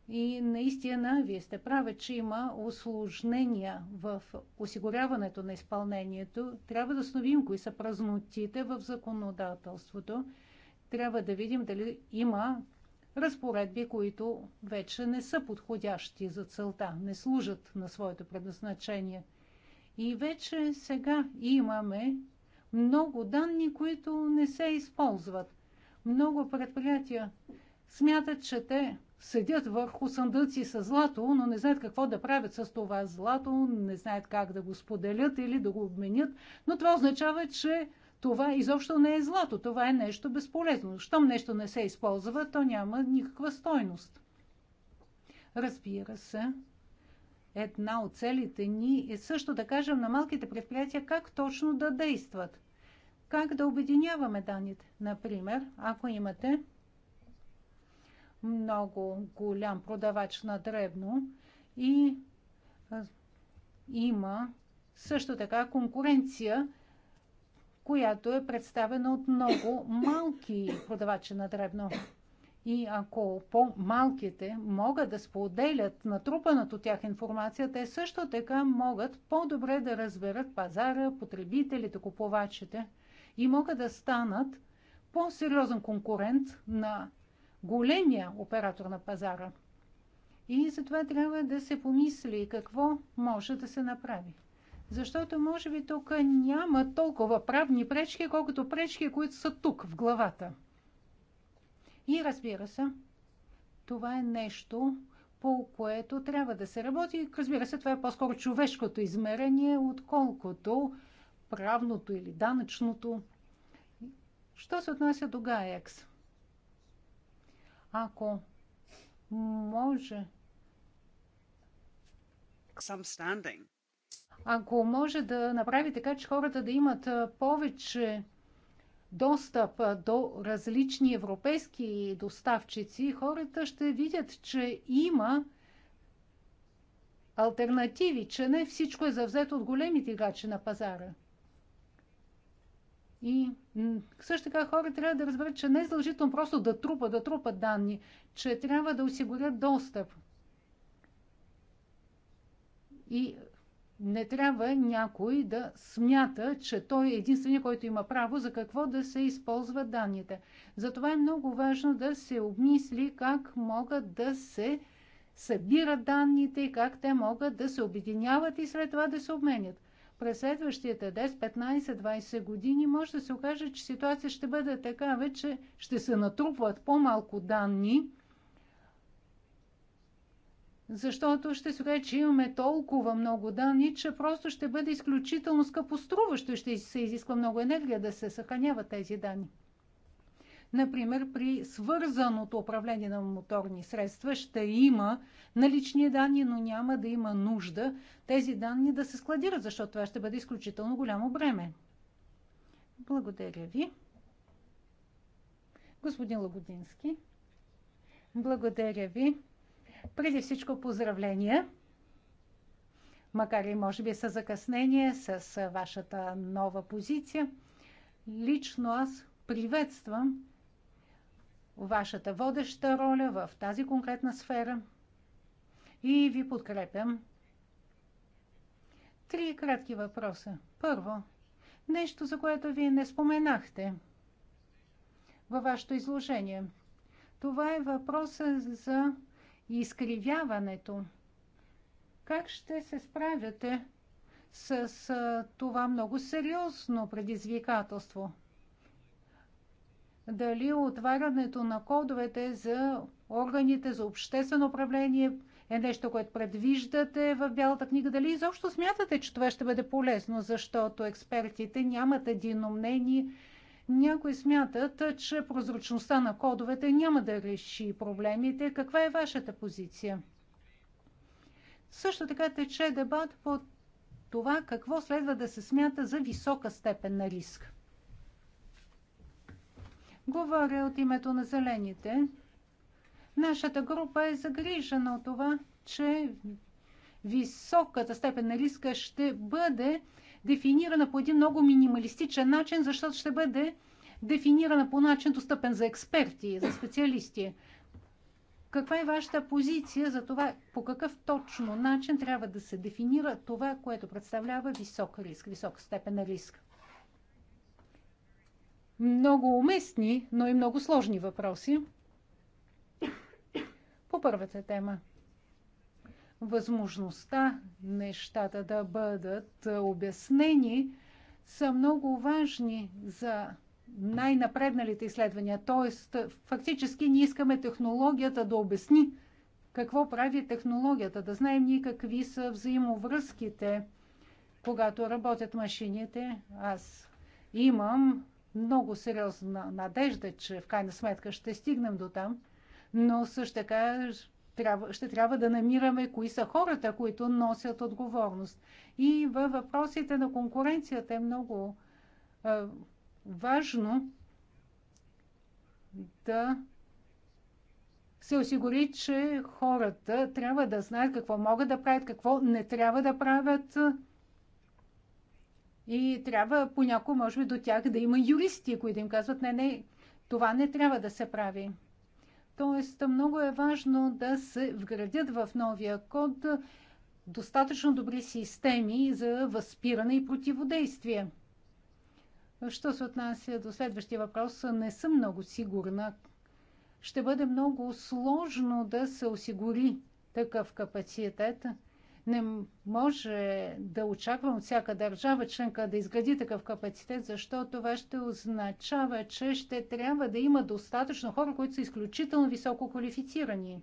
И наистина, вие сте прави, че има осложнения в осигуряването на изпълнението. Трябва да установим кои са празнотите в законодателството. Трябва да видим дали има разпоредби, които вече не са подходящи за целта, не служат на своето предназначение. И вече сега имаме много данни, които не се използват. Много предприятия смятат, че те седят върху съндъци с злато, но не знаят какво да правят с това злато, не знаят как да го споделят или да го обменят. Но това означава, че това изобщо не е злато, това е нещо безполезно. Щом нещо не се използва, то няма никаква стойност. Разбира се, една от целите ни е също да кажем на малките предприятия как точно да действат. Как да обединяваме данните. Например, ако имате много голям продавач на дребно и има също така конкуренция която е представена от много малки продавачи на дребно. И ако по-малките могат да споделят натрупаната тях информация, те също така могат по-добре да разберат пазара, потребителите, купувачите и могат да станат по-сериозен конкурент на големия оператор на пазара. И затова трябва да се помисли какво може да се направи. Защото може би тук няма толкова правни пречки, колкото пречки, които са тук, в главата. И разбира се, това е нещо, по което трябва да се работи. Разбира се, това е по-скоро човешкото измерение, отколкото правното или данъчното. Що се отнася до ГАЕКС? Ако може... Some standing ако може да направи така, че хората да имат повече достъп до различни европейски доставчици, хората ще видят, че има альтернативи, че не всичко е завзето от големите играчи на пазара. И също така хора трябва да разберат, че не е задължително просто да трупат, да трупат данни, че трябва да осигурят достъп. И не трябва някой да смята, че той е единствения, който има право за какво да се използват данните. Затова е много важно да се обмисли как могат да се събират данните и как те могат да се объединяват и след това да се обменят. През следващите 10, 15, 20 години може да се окаже, че ситуация ще бъде такава, че ще се натрупват по-малко данни, защото ще се че имаме толкова много данни, че просто ще бъде изключително скъпоструващо и ще се изисква много енергия да се съхранява тези данни. Например, при свързаното управление на моторни средства ще има налични данни, но няма да има нужда тези данни да се складират, защото това ще бъде изключително голямо бреме. Благодаря ви. Господин Лагодински, благодаря ви. Преди всичко поздравления, макар и може би с закъснение, с вашата нова позиция. Лично аз приветствам вашата водеща роля в тази конкретна сфера и ви подкрепям. Три кратки въпроса. Първо, нещо, за което вие не споменахте във вашето изложение. Това е въпроса за и изкривяването. Как ще се справяте с, с това много сериозно предизвикателство? Дали отварянето на кодовете за органите за обществено управление е нещо, което предвиждате в Бялата книга? Дали изобщо смятате, че това ще бъде полезно, защото експертите нямат едино мнение някои смятат, че прозрачността на кодовете няма да реши проблемите. Каква е вашата позиция? Също така тече дебат по това какво следва да се смята за висока степен на риск. Говоря от името на зелените. Нашата група е загрижена от това, че високата степен на риска ще бъде дефинирана по един много минималистичен начин, защото ще бъде дефинирана по начин достъпен за експерти, за специалисти. Каква е вашата позиция за това, по какъв точно начин трябва да се дефинира това, което представлява висок риск, висока степен на риск? Много уместни, но и много сложни въпроси. По първата тема – възможността нещата да бъдат обяснени, са много важни за най-напредналите изследвания. Тоест, фактически ние искаме технологията да обясни какво прави технологията, да знаем ние какви са взаимовръзките, когато работят машините. Аз имам много сериозна надежда, че в крайна сметка ще стигнем до там, но също така трябва, ще трябва да намираме кои са хората, които носят отговорност. И във въпросите на конкуренцията е много е, важно да се осигури, че хората трябва да знаят какво могат да правят, какво не трябва да правят. И трябва понякога, може би, до тях да има юристи, които им казват, не, не, това не трябва да се прави. Тоест, много е важно да се вградят в новия код достатъчно добри системи за възпиране и противодействие. Що се отнася до следващия въпрос, не съм много сигурна. Ще бъде много сложно да се осигури такъв капацитет. Не може да очаквам от всяка държава членка да изгради такъв капацитет, защото това ще означава, че ще трябва да има достатъчно хора, които са изключително високо квалифицирани.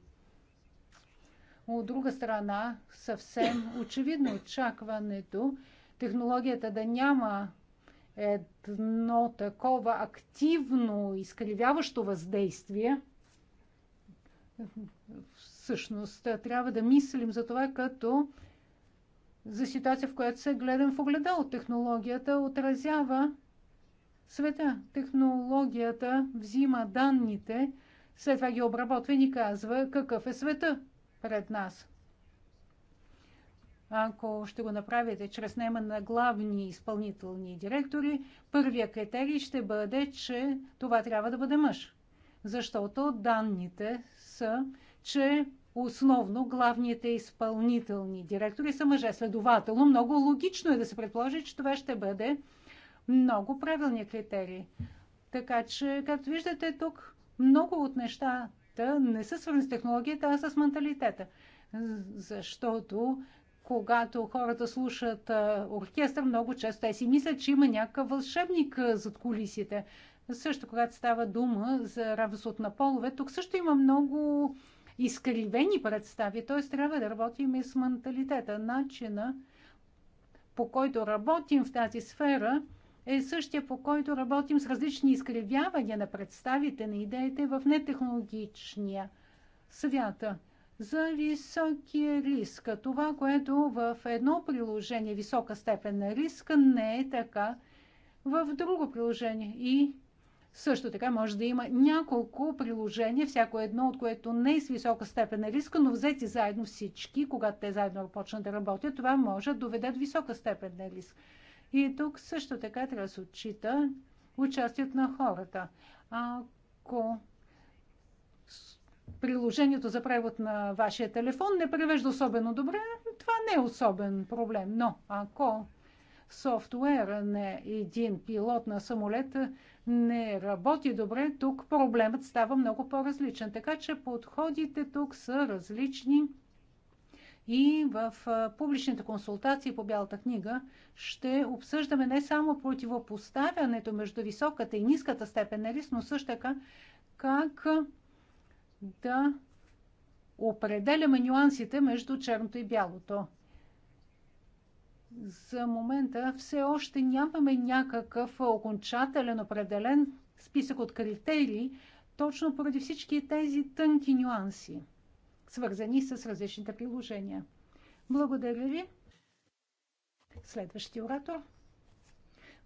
От друга страна, съвсем очевидно очакването технологията да няма едно такова активно изкривяващо въздействие – всъщност трябва да мислим за това като за ситуация, в която се гледам в огледало. Технологията отразява света. Технологията взима данните, след това ги обработва и ни казва какъв е света пред нас. Ако ще го направите чрез нема на главни изпълнителни директори, първия критерий ще бъде, че това трябва да бъде мъж защото данните са, че основно главните изпълнителни директори са мъже. Следователно, много логично е да се предположи, че това ще бъде много правилни критерии. Така че, както виждате, тук много от нещата не са свързани с технологията, а с менталитета. Защото когато хората слушат оркестър, много често те си мислят, че има някакъв вълшебник зад кулисите. Също, когато става дума за равенството на полове, тук също има много изкривени представи, т.е. трябва да работим и с менталитета. Начина по който работим в тази сфера е същия по който работим с различни изкривявания на представите, на идеите в нетехнологичния свят. За високия риск. Това, което в едно приложение висока степен на риска не е така в друго приложение. И също така може да има няколко приложения, всяко едно от което не е с висока степен на риска, но взети заедно всички, когато те заедно почнат да работят, това може да доведе до висока степен на риск. И тук също така трябва да се отчита участието на хората. Ако приложението за превод на вашия телефон не превежда особено добре, това не е особен проблем. Но ако софтуера на един пилот на самолет не работи добре, тук проблемът става много по-различен. Така че подходите тук са различни и в публичните консултации по Бялата книга ще обсъждаме не само противопоставянето между високата и ниската степен на риск, но също така как да определяме нюансите между черното и бялото за момента все още нямаме някакъв окончателен определен списък от критерии, точно поради всички тези тънки нюанси, свързани с различните приложения. Благодаря ви. Следващи оратор.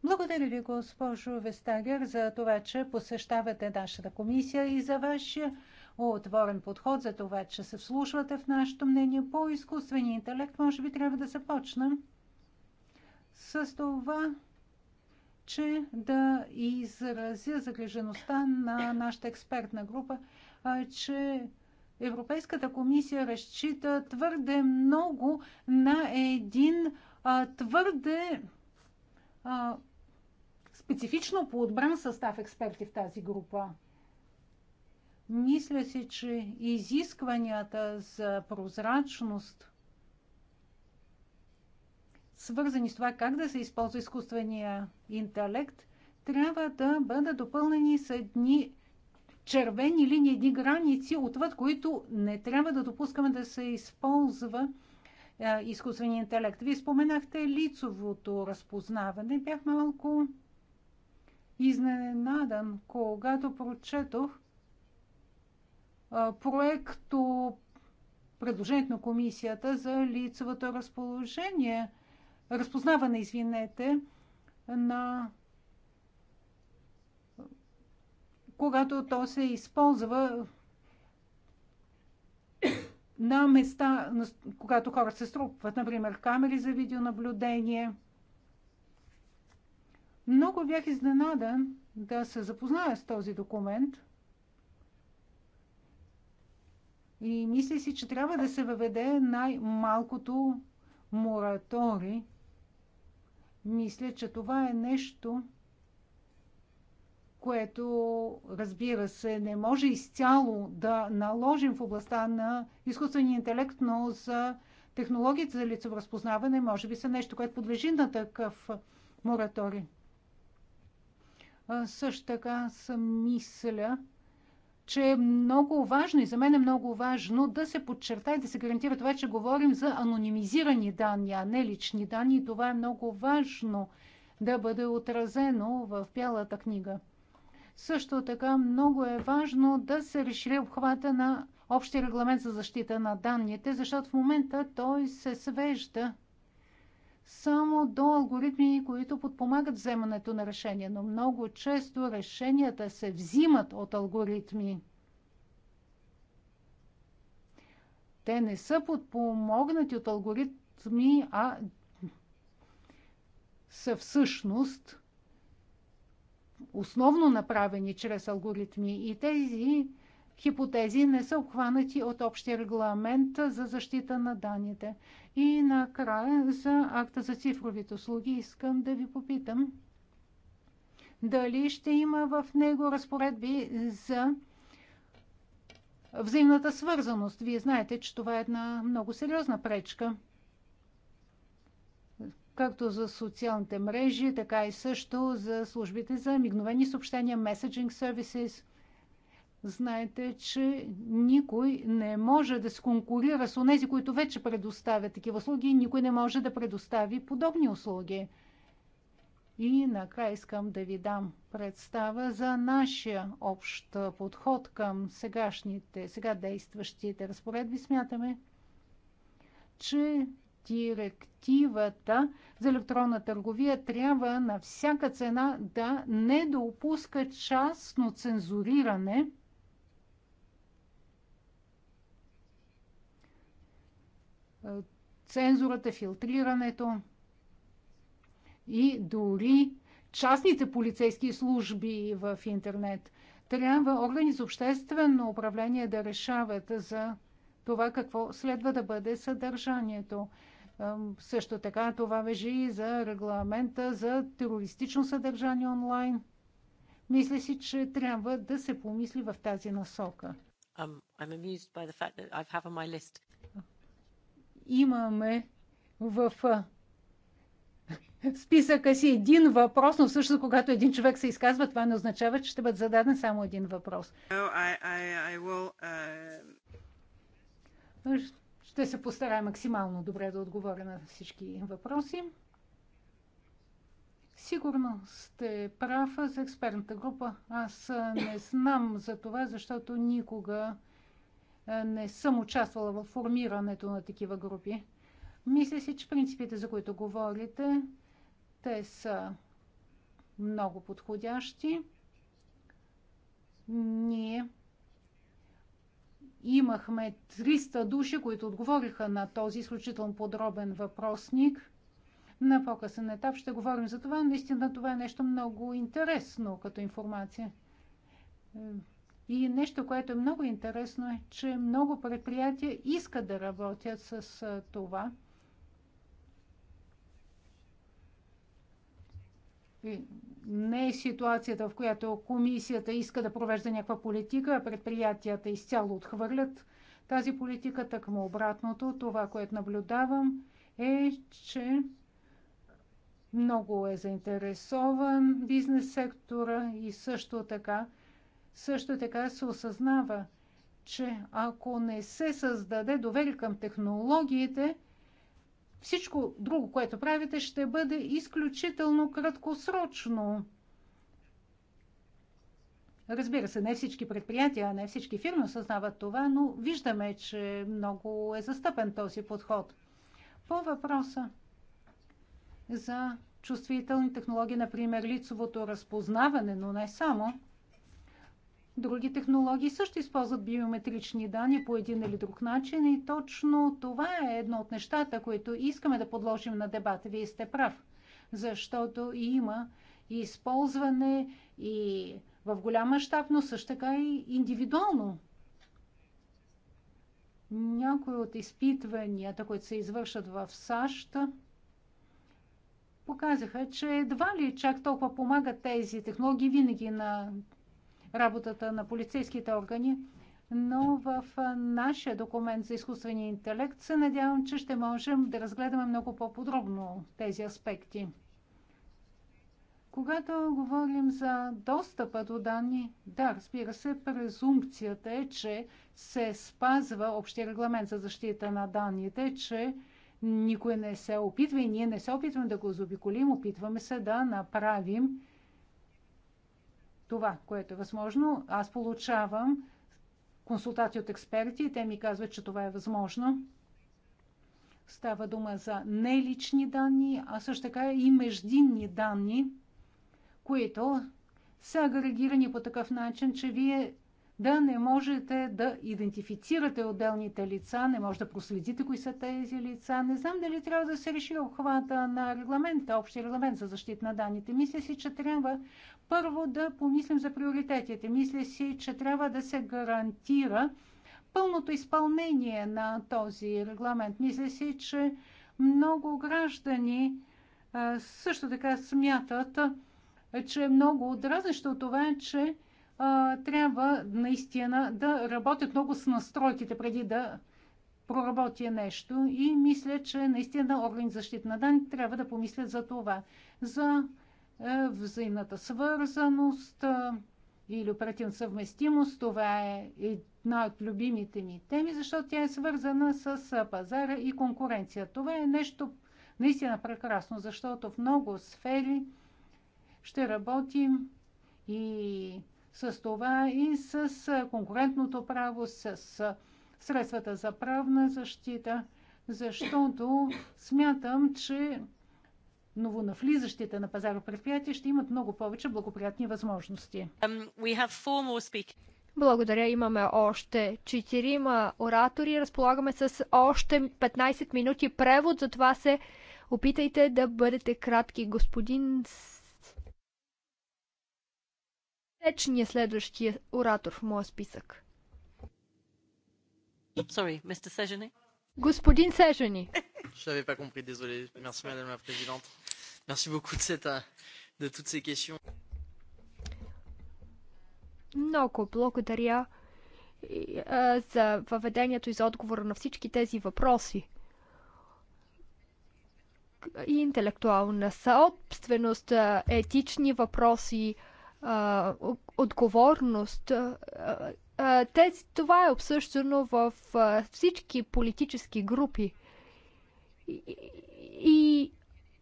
Благодаря ви, госпожо Вестагер, за това, че посещавате нашата комисия и за вашия отворен подход, за това, че се вслушвате в нашето мнение по изкуствения интелект. Може би трябва да започнем с това, че да изразя загрижеността на нашата експертна група, че Европейската комисия разчита твърде много на един а, твърде а, специфично отбран състав експерти в тази група. Мисля си, че изискванията за прозрачност свързани с това как да се използва изкуствения интелект, трябва да бъдат допълнени с едни червени линии, едни граници, отвъд които не трябва да допускаме да се използва е, изкуствения интелект. Вие споменахте лицовото разпознаване. Бях малко изненадан, когато прочетох е, проекто предложението на комисията за лицевото разположение разпознаване, извинете, на когато то се използва на места, когато хората се струпват, например, камери за видеонаблюдение. Много бях изненадан да се запозная с този документ. И мисля си, че трябва да се въведе най-малкото мораторий мисля, че това е нещо, което, разбира се, не може изцяло да наложим в областта на изкуствения интелект, но за технологията за лицево разпознаване може би са нещо, което подлежи на такъв мораторий. Също така съм мисля, че е много важно и за мен е много важно да се подчерта и да се гарантира това, че говорим за анонимизирани данни, а не лични данни. това е много важно да бъде отразено в Бялата книга. Също така много е важно да се разшири обхвата на общия регламент за защита на данните, защото в момента той се свежда само до алгоритми, които подпомагат вземането на решения, но много често решенията се взимат от алгоритми. Те не са подпомогнати от алгоритми, а са всъщност основно направени чрез алгоритми и тези хипотези не са обхванати от общия регламент за защита на данните. И накрая за акта за цифровите услуги искам да ви попитам дали ще има в него разпоредби за взаимната свързаност. Вие знаете, че това е една много сериозна пречка както за социалните мрежи, така и също за службите за мигновени съобщения, messaging services – Знаете, че никой не може да се конкурира с онези, които вече предоставят такива услуги никой не може да предостави подобни услуги. И накрая искам да ви дам представа за нашия общ подход към сегашните, сега действащите разпоредби. Смятаме, че директивата за електронна търговия трябва на всяка цена да не допуска частно цензуриране – Е, цензурата, е филтрирането и дори частните полицейски служби в интернет. Трябва органи за обществено управление да решават за това какво следва да бъде съдържанието. Е, също така това вежи и за регламента за терористично съдържание онлайн. Мисля си, че трябва да се помисли в тази насока. Um, имаме в списъка си един въпрос, но всъщност когато един човек се изказва, това не означава, че ще бъде зададен само един въпрос. I, I, I will, uh... Ще се постарая максимално добре да отговоря на всички въпроси. Сигурно сте права за експертната група. Аз не знам за това, защото никога не съм участвала в формирането на такива групи. Мисля си, че принципите, за които говорите, те са много подходящи. Ние имахме 300 души, които отговориха на този изключително подробен въпросник. На по-късен етап ще говорим за това. Наистина това е нещо много интересно като информация. И нещо, което е много интересно е, че много предприятия искат да работят с това. не е ситуацията, в която комисията иска да провежда някаква политика, а предприятията изцяло отхвърлят тази политика, му обратното. Това, което наблюдавам е, че много е заинтересован бизнес сектора и също така също така се осъзнава, че ако не се създаде доверие към технологиите, всичко друго, което правите, ще бъде изключително краткосрочно. Разбира се, не всички предприятия, не всички фирми осъзнават това, но виждаме, че много е застъпен този подход. По въпроса за чувствителни технологии, например лицовото разпознаване, но не само, Други технологии също използват биометрични данни по един или друг начин и точно това е едно от нещата, които искаме да подложим на дебат. Вие сте прав, защото има и използване и в голям мащаб, но също така и индивидуално. Някои от изпитванията, които се извършат в САЩ, показаха, че едва ли чак толкова помагат тези технологии винаги на работата на полицейските органи, но в нашия документ за изкуствения интелект се надявам, че ще можем да разгледаме много по-подробно тези аспекти. Когато говорим за достъпа до данни, да, разбира се, презумпцията е, че се спазва общия регламент за защита на данните, че никой не се опитва и ние не се опитваме да го заобиколим, опитваме се да направим това, което е възможно. Аз получавам консултации от експерти и те ми казват, че това е възможно. Става дума за нелични данни, а също така и междинни данни, които са агрегирани по такъв начин, че вие да не можете да идентифицирате отделните лица, не можете да проследите кои са тези лица. Не знам дали трябва да се реши обхвата на регламента, общия регламент за защита на данните. Мисля си, че трябва първо да помислим за приоритетите. Мисля си, че трябва да се гарантира пълното изпълнение на този регламент. Мисля си, че много граждани също така смятат, че е много от това че трябва наистина да работят много с настройките преди да проработи нещо и мисля, че наистина органи защита на данни трябва да помислят за това. За е, взаимната свързаност е, или оперативна съвместимост. Това е една от любимите ми теми, защото тя е свързана с е, пазара и конкуренция. Това е нещо наистина прекрасно, защото в много сфери ще работим и с това, и с конкурентното право, с средствата за правна защита, защото смятам, че новонавлизащите на пазара предприятия ще имат много повече благоприятни възможности. Um, Благодаря. Имаме още четирима оратори. Разполагаме с още 15 минути превод, затова се опитайте да бъдете кратки. Господин Сечни следващия оратор в моя списък. Sorry, Mr. Sejani. Господин Сежени. Je n'avais pas compris, désolé. Merci, madame la présidente. Merci beaucoup de, cette, de toutes ces questions. Много благодаря за въведението и за отговора на всички тези въпроси. И интелектуална съобственост, етични въпроси, отговорност. Тези, това е обсъждано в всички политически групи. И, и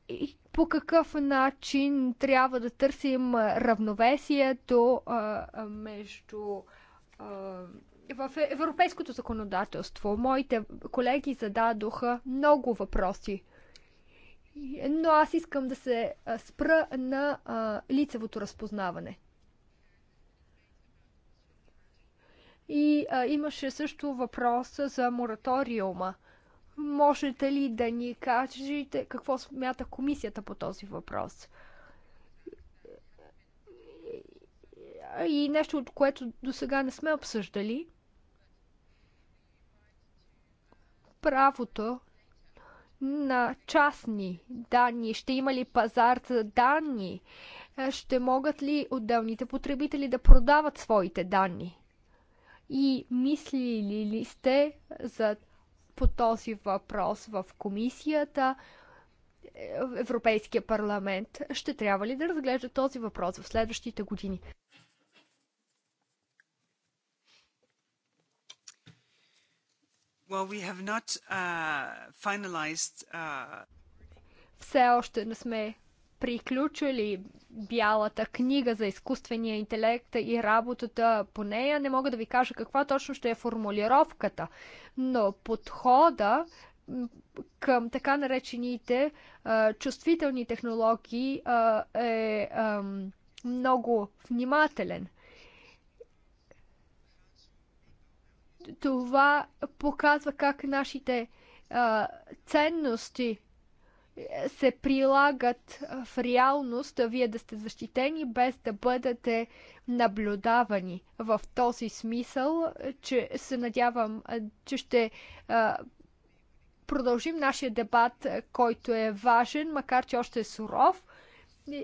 и по какъв начин трябва да търсим равновесието а, между а, в е, европейското законодателство. Моите колеги зададоха много въпроси. Но аз искам да се спра на а, лицевото разпознаване. И а, имаше също въпрос за мораториума. Можете ли да ни кажете какво смята комисията по този въпрос? И нещо, от което до сега не сме обсъждали. Правото на частни данни? Ще има ли пазар за данни? Ще могат ли отделните потребители да продават своите данни? И мислили ли сте за по този въпрос в комисията, е, Европейския парламент ще трябва ли да разглежда този въпрос в следващите години? Well, we have not, uh, finalized, uh... Все още не сме приключили бялата книга за изкуствения интелект и работата по нея, не мога да ви кажа каква точно ще е формулировката, но подхода към така наречените а, чувствителни технологии а, е а, много внимателен. Това показва как нашите а, ценности се прилагат в реалност, вие да сте защитени без да бъдете наблюдавани. В този смисъл, че се надявам, че ще продължим нашия дебат, който е важен, макар че още е суров.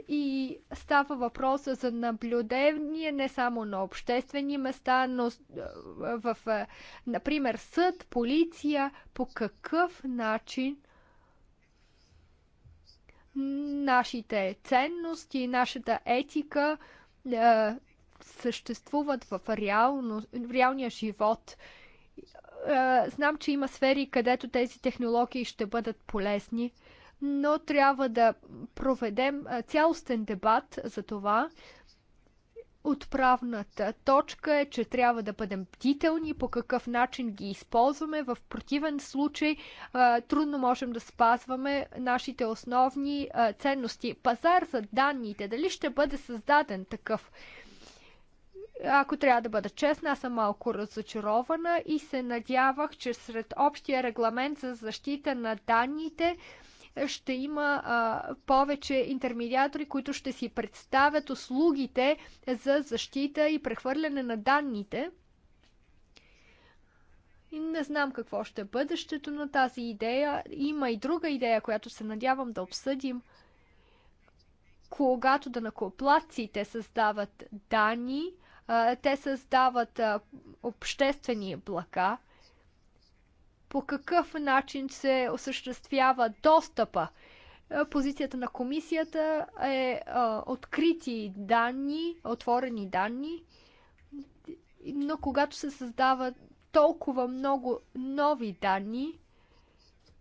И става въпрос за наблюдение не само на обществени места, но в, например, съд, полиция, по какъв начин Нашите ценности, нашата етика е, съществуват в, реално, в реалния живот. Е, знам, че има сфери, където тези технологии ще бъдат полезни, но трябва да проведем е, цялостен дебат за това, Отправната точка е, че трябва да бъдем бдителни, по какъв начин ги използваме. В противен случай трудно можем да спазваме нашите основни ценности. Пазар за данните, дали ще бъде създаден такъв? ако трябва да бъда честна, аз съм малко разочарована и се надявах, че сред общия регламент за защита на данните ще има а, повече интермедиатори, които ще си представят услугите за защита и прехвърляне на данните. И не знам какво ще е бъдещето на тази идея. Има и друга идея, която се надявам да обсъдим. Когато данакоплатците създават данни, те създават обществени блага, по какъв начин се осъществява достъпа. Е, позицията на комисията е, е открити данни, отворени данни, но когато се създават толкова много нови данни,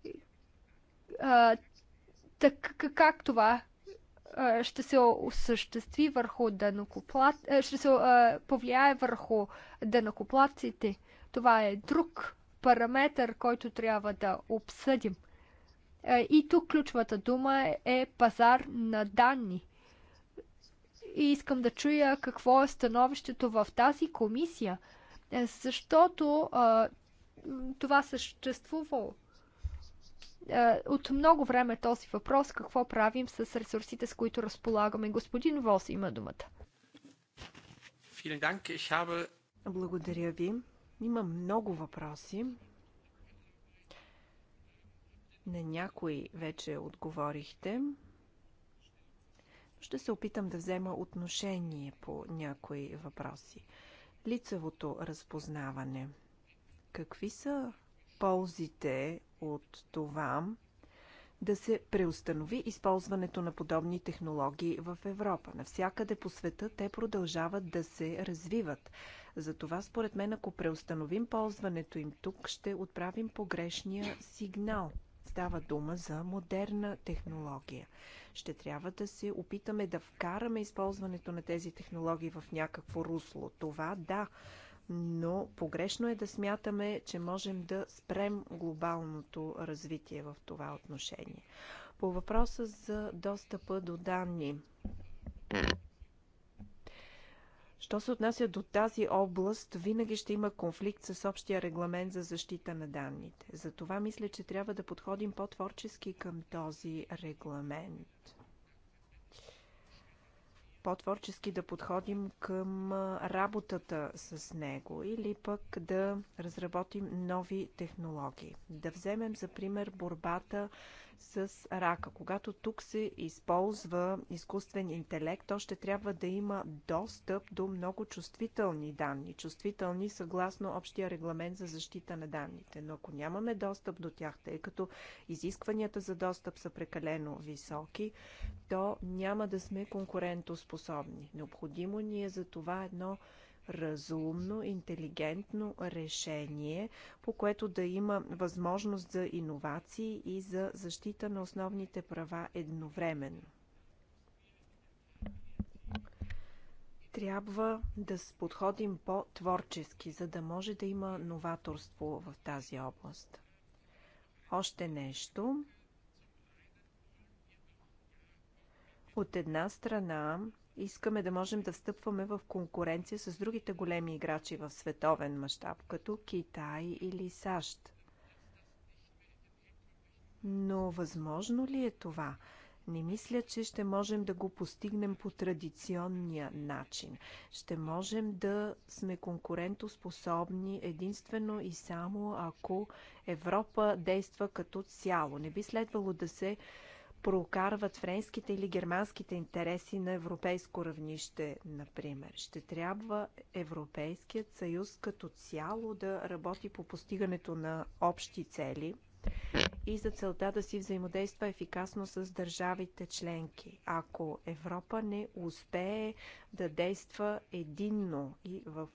е, так, как това ще се осъществи върху данокоплат, ще се повлияе върху данокоплаците. Това е друг параметър, който трябва да обсъдим. Е, и тук ключвата дума е пазар на данни. И искам да чуя какво е становището в тази комисия, е, защото а, това съществува е, от много време този въпрос какво правим с ресурсите, с които разполагаме. Господин Вос има думата. Благодаря ви. Има много въпроси. На някои вече отговорихте. Ще се опитам да взема отношение по някои въпроси. Лицевото разпознаване. Какви са ползите от това да се преустанови използването на подобни технологии в Европа. Навсякъде по света те продължават да се развиват. Затова, според мен, ако преустановим ползването им тук, ще отправим погрешния сигнал. Става дума за модерна технология. Ще трябва да се опитаме да вкараме използването на тези технологии в някакво русло. Това да, но погрешно е да смятаме, че можем да спрем глобалното развитие в това отношение. По въпроса за достъпа до данни. Що се отнася до тази област, винаги ще има конфликт с общия регламент за защита на данните. Затова мисля, че трябва да подходим по-творчески към този регламент по-творчески да подходим към работата с него или пък да разработим нови технологии. Да вземем за пример борбата с рака. Когато тук се използва изкуствен интелект, то ще трябва да има достъп до много чувствителни данни. Чувствителни съгласно общия регламент за защита на данните. Но ако нямаме достъп до тях, тъй като изискванията за достъп са прекалено високи, то няма да сме конкурентоспособни. Необходимо ни е за това едно разумно, интелигентно решение, по което да има възможност за иновации и за защита на основните права едновременно. Трябва да подходим по-творчески, за да може да има новаторство в тази област. Още нещо. От една страна, Искаме да можем да встъпваме в конкуренция с другите големи играчи в световен мащаб, като Китай или САЩ. Но възможно ли е това? Не мисля, че ще можем да го постигнем по традиционния начин. Ще можем да сме конкурентоспособни единствено и само ако Европа действа като цяло. Не би следвало да се прокарват френските или германските интереси на европейско равнище, например. Ще трябва Европейският съюз като цяло да работи по постигането на общи цели – и за целта да си взаимодейства ефикасно с държавите членки. Ако Европа не успее да действа единно и в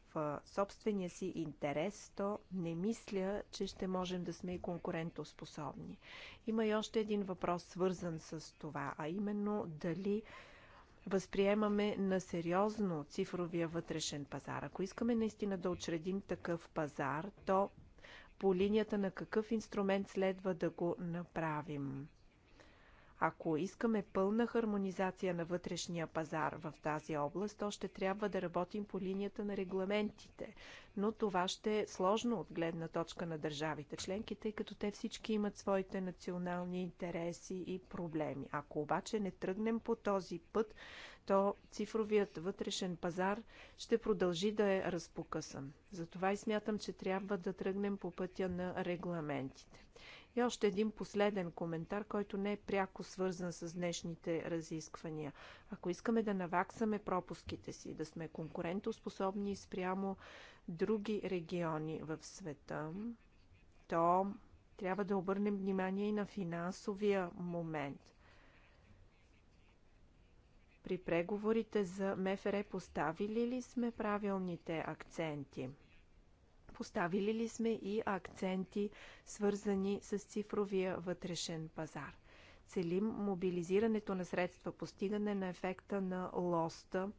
собствения си интерес, то не мисля, че ще можем да сме и конкурентоспособни. Има и още един въпрос, свързан с това, а именно дали възприемаме на сериозно цифровия вътрешен пазар. Ако искаме наистина да учредим такъв пазар, то по линията на какъв инструмент следва да го направим. Ако искаме пълна хармонизация на вътрешния пазар в тази област, то ще трябва да работим по линията на регламентите. Но това ще е сложно от гледна точка на държавите членки, тъй като те всички имат своите национални интереси и проблеми. Ако обаче не тръгнем по този път, то цифровият вътрешен пазар ще продължи да е разпокъсан. Затова и смятам, че трябва да тръгнем по пътя на регламентите. И още един последен коментар, който не е пряко свързан с днешните разисквания. Ако искаме да наваксаме пропуските си, да сме конкурентоспособни спрямо други региони в света, то трябва да обърнем внимание и на финансовия момент. При преговорите за МФР поставили ли сме правилните акценти? Поставили ли сме и акценти, свързани с цифровия вътрешен пазар? Целим мобилизирането на средства, постигане на ефекта на лоста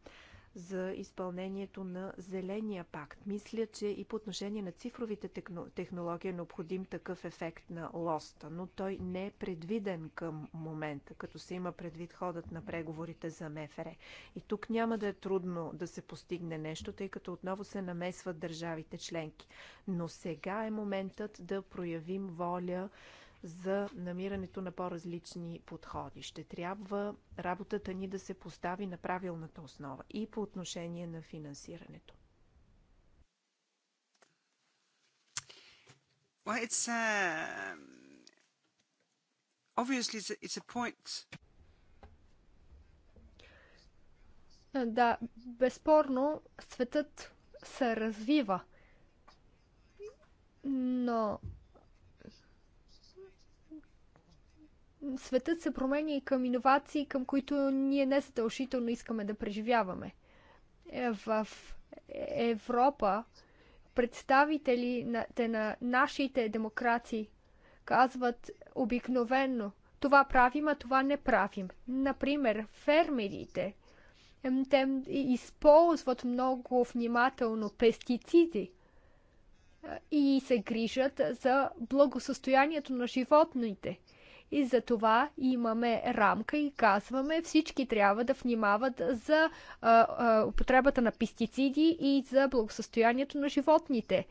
за изпълнението на Зеления пакт. Мисля, че и по отношение на цифровите технологии е необходим такъв ефект на лоста, но той не е предвиден към момента, като се има предвид ходът на преговорите за МФР. И тук няма да е трудно да се постигне нещо, тъй като отново се намесват държавите членки. Но сега е моментът да проявим воля за намирането на по-различни подходи. Ще трябва работата ни да се постави на правилната основа и по отношение на финансирането. Well, it's, uh... Obviously, it's a point е, Да, безспорно светът се развива. Но светът се променя и към иновации, към които ние не задължително искаме да преживяваме. Е, в Европа представителите на нашите демокрации казват обикновенно това правим, а това не правим. Например, фермерите те използват много внимателно пестициди е, и се грижат за благосостоянието на животните – и за това имаме рамка и казваме всички трябва да внимават за а, а, употребата на пестициди и за благосъстоянието на животните.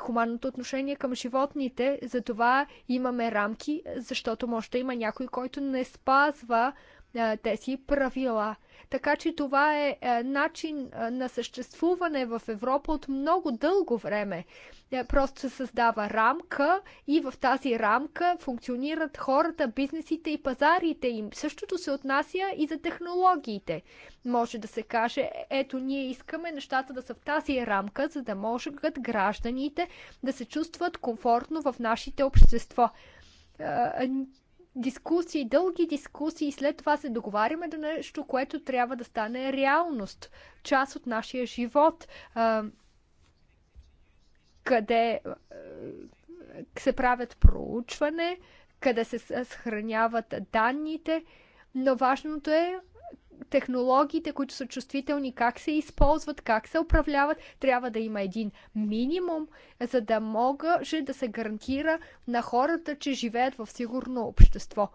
Хуманното отношение към животните, за това имаме рамки, защото може да има някой, който не спазва те си правила. Така че това е, е начин на съществуване в Европа от много дълго време. Е, просто се създава рамка и в тази рамка функционират хората, бизнесите и пазарите им. Същото се отнася и за технологиите. Може да се каже, ето ние искаме нещата да са в тази рамка, за да могат гражданите да се чувстват комфортно в нашите общества е, дискусии, дълги дискусии и след това се договаряме до нещо, което трябва да стане реалност, част от нашия живот, къде се правят проучване, къде се съхраняват данните, но важното е технологиите, които са чувствителни, как се използват, как се управляват, трябва да има един минимум, за да може да се гарантира на хората, че живеят в сигурно общество.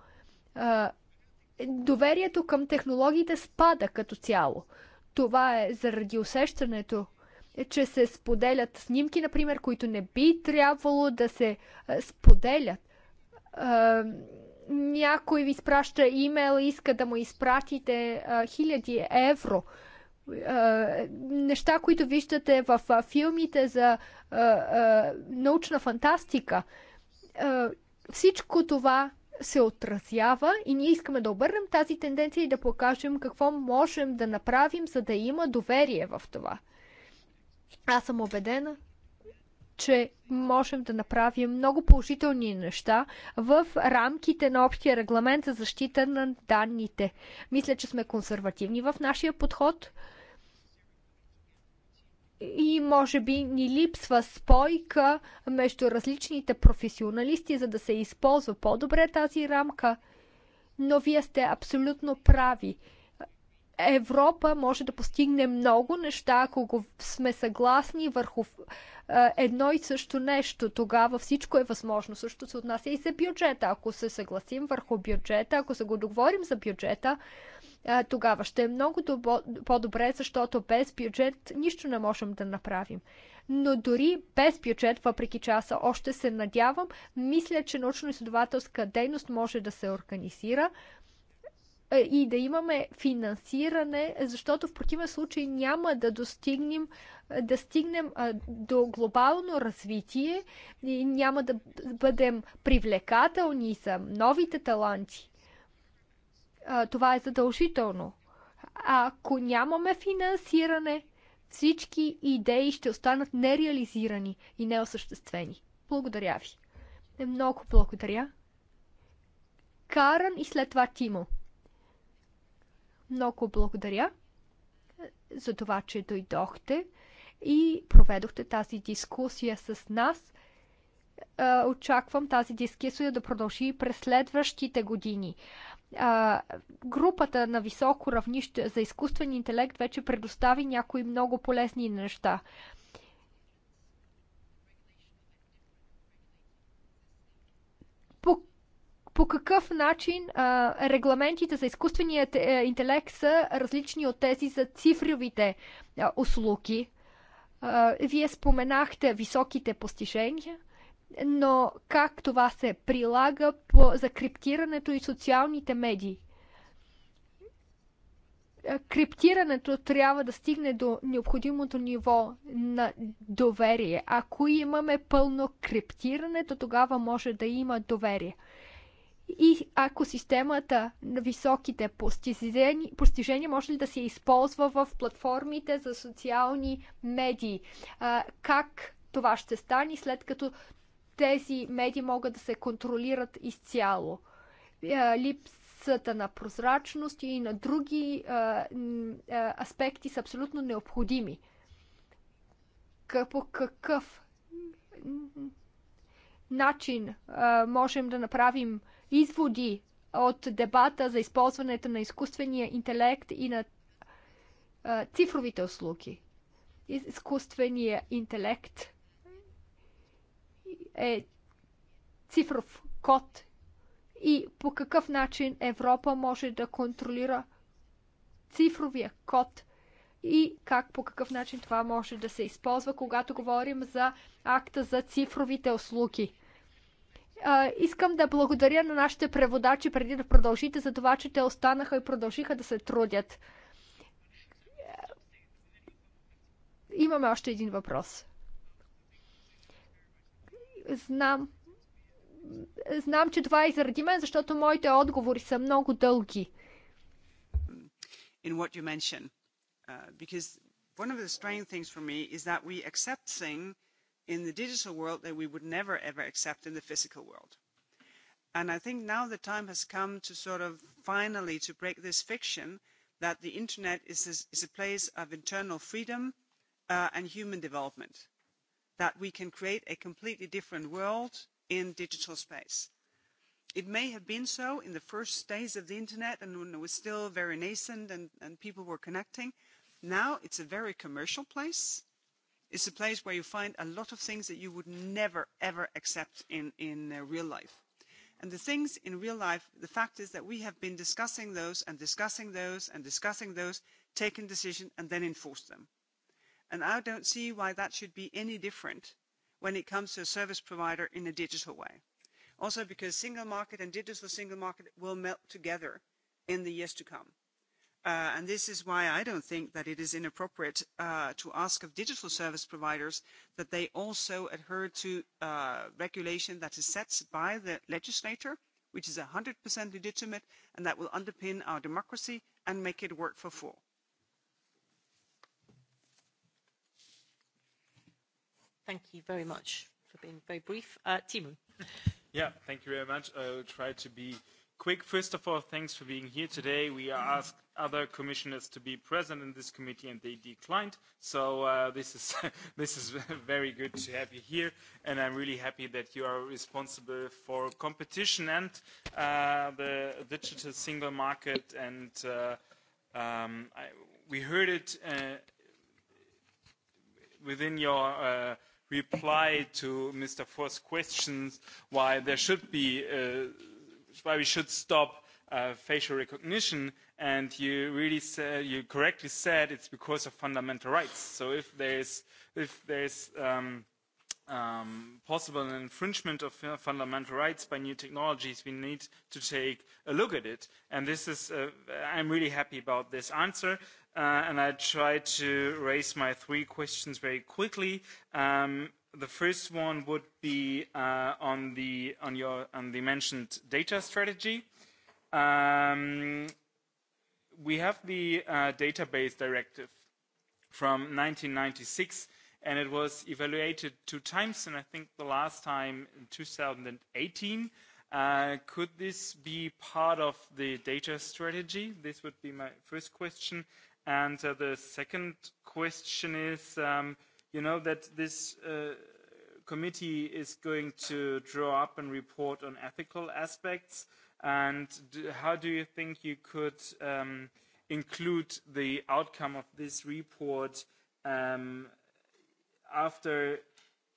Доверието към технологиите спада като цяло. Това е заради усещането, че се споделят снимки, например, които не би трябвало да се споделят някой ви изпраща имейл, иска да му изпратите а, хиляди евро. А, неща, които виждате в а, филмите за а, а, научна фантастика. А, всичко това се отразява и ние искаме да обърнем тази тенденция и да покажем какво можем да направим, за да има доверие в това. Аз съм убедена, че можем да направим много положителни неща в рамките на общия регламент за защита на данните. Мисля, че сме консервативни в нашия подход и може би ни липсва спойка между различните професионалисти, за да се използва по-добре тази рамка. Но вие сте абсолютно прави. Европа може да постигне много неща, ако го сме съгласни върху е, едно и също нещо. Тогава всичко е възможно. Също се отнася и за бюджета. Ако се съгласим върху бюджета, ако се го договорим за бюджета, е, тогава ще е много по-добре, защото без бюджет нищо не можем да направим. Но дори без бюджет, въпреки часа, още се надявам, мисля, че научно-изследователска дейност може да се организира и да имаме финансиране, защото в противен случай няма да достигнем да стигнем до глобално развитие и няма да бъдем привлекателни за новите таланти. Това е задължително. ако нямаме финансиране, всички идеи ще останат нереализирани и неосъществени. Благодаря ви. Много благодаря. Каран и след това Тимо. Много благодаря е, за това, че дойдохте и проведохте тази дискусия с нас. Е, очаквам тази дискусия да продължи през следващите години. Е, групата на високо равнище за изкуствен интелект вече предостави някои много полезни неща. по какъв начин а, регламентите за изкуствения е, интелект са различни от тези за цифровите а, услуги. А, вие споменахте високите постижения, но как това се прилага по, за криптирането и социалните медии? криптирането трябва да стигне до необходимото ниво на доверие. Ако имаме пълно криптиране, то тогава може да има доверие и ако системата на високите постижения може ли да се използва в платформите за социални медии? Как това ще стане след като тези медии могат да се контролират изцяло? Липсата на прозрачност и на други аспекти са абсолютно необходими. По какъв начин можем да направим изводи от дебата за използването на изкуствения интелект и на а, цифровите услуги. Изкуствения интелект е цифров код и по какъв начин Европа може да контролира цифровия код и как по какъв начин това може да се използва, когато говорим за акта за цифровите услуги. Uh, искам да благодаря на нашите преводачи преди да продължите за това, че те останаха и продължиха да се трудят. Uh, Имаме още един въпрос. Знам. Знам, че това е заради мен, защото моите отговори са много дълги. In what you mention. Uh, because one of the strange things for me is that we accept things in the digital world that we would never ever accept in the physical world. And I think now the time has come to sort of finally to break this fiction that the internet is a, is a place of internal freedom uh, and human development, that we can create a completely different world in digital space. It may have been so in the first days of the internet and when it was still very nascent and, and people were connecting. Now it's a very commercial place It's a place where you find a lot of things that you would never, ever accept in, in uh, real life. And the things in real life, the fact is that we have been discussing those and discussing those and discussing those, taking decisions and then enforce them. And I don't see why that should be any different when it comes to a service provider in a digital way. Also because single market and digital single market will melt together in the years to come and this is why I don't think that it is inappropriate to ask of digital service providers that they also adhere to regulation that is set by the legislator, which is hundred legitimate, and that will underpin our democracy and make it work for full. Thank you very much for being very brief. Uh, Timo. thank you very much. will try to be quick. First of all, thanks for being here today. We are asked other commissioners to be present in this committee and they declined. So uh, this is this is very good to have you here, and I'm really happy that you are responsible for competition and uh, the digital single market. And uh, um, I, we heard it uh, within your. Uh, reply to Mr. For's questions why there should be uh, why we should stop uh, facial recognition, and you really said, you correctly said it's because of fundamental rights. So if there's if there's um, um, possible infringement of fundamental rights by new technologies, we need to take a look at it. And this is, uh, I'm really happy about this answer. Uh, and I try to raise my three questions very quickly. Um, the first one would be uh, on the on your on the mentioned data strategy Um, we have the uh, database directive from 1996, and it was evaluated two times, and I think the last time in 2018. Uh, could this be part of the data strategy? This would be my first question. And uh, the second question is, um, you know, that this uh, committee is going to draw up and report on ethical aspects. And d how do you think you could um, include the outcome of this report um, after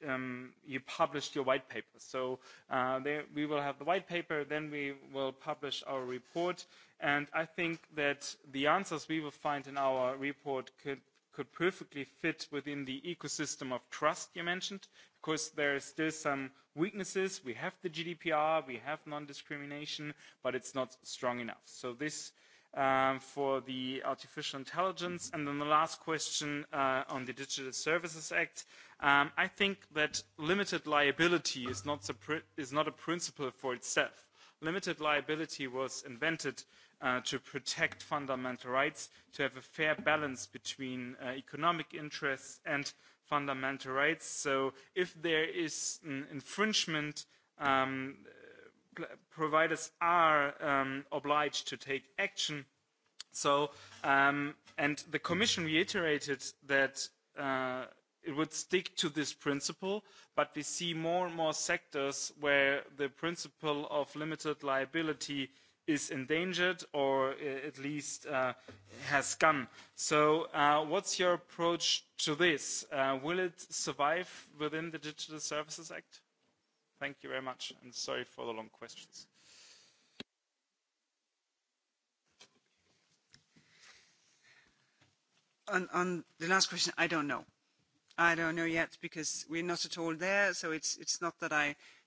um, you published your white paper. So uh, there we will have the white paper, then we will publish our report. And I think that the answers we will find in our report could, could perfectly fit within the ecosystem of trust you mentioned, course, there are still some weaknesses. We have the GDPR, we have non-discrimination, but it's not strong enough. So this um, for the artificial intelligence. And then the last question uh, on the Digital Services Act. Um, I think that limited liability is not, is not a principle for itself. Limited liability was invented uh, to protect fundamental rights, to have a fair balance between uh, economic interests and fundamental rights. So if there is an infringement, um, providers are um, obliged to take action. So, um, and the Commission reiterated that uh, it would stick to this principle, but we see more and more sectors where the principle of limited liability is endangered or at least uh, has gone. So uh, what's your approach to this? Uh, will it survive within the Digital Services Act? Thank you very much, and sorry for the long questions. On, on the last question, I don't know. I don't know yet because we're not at all there, so it's, it's not that I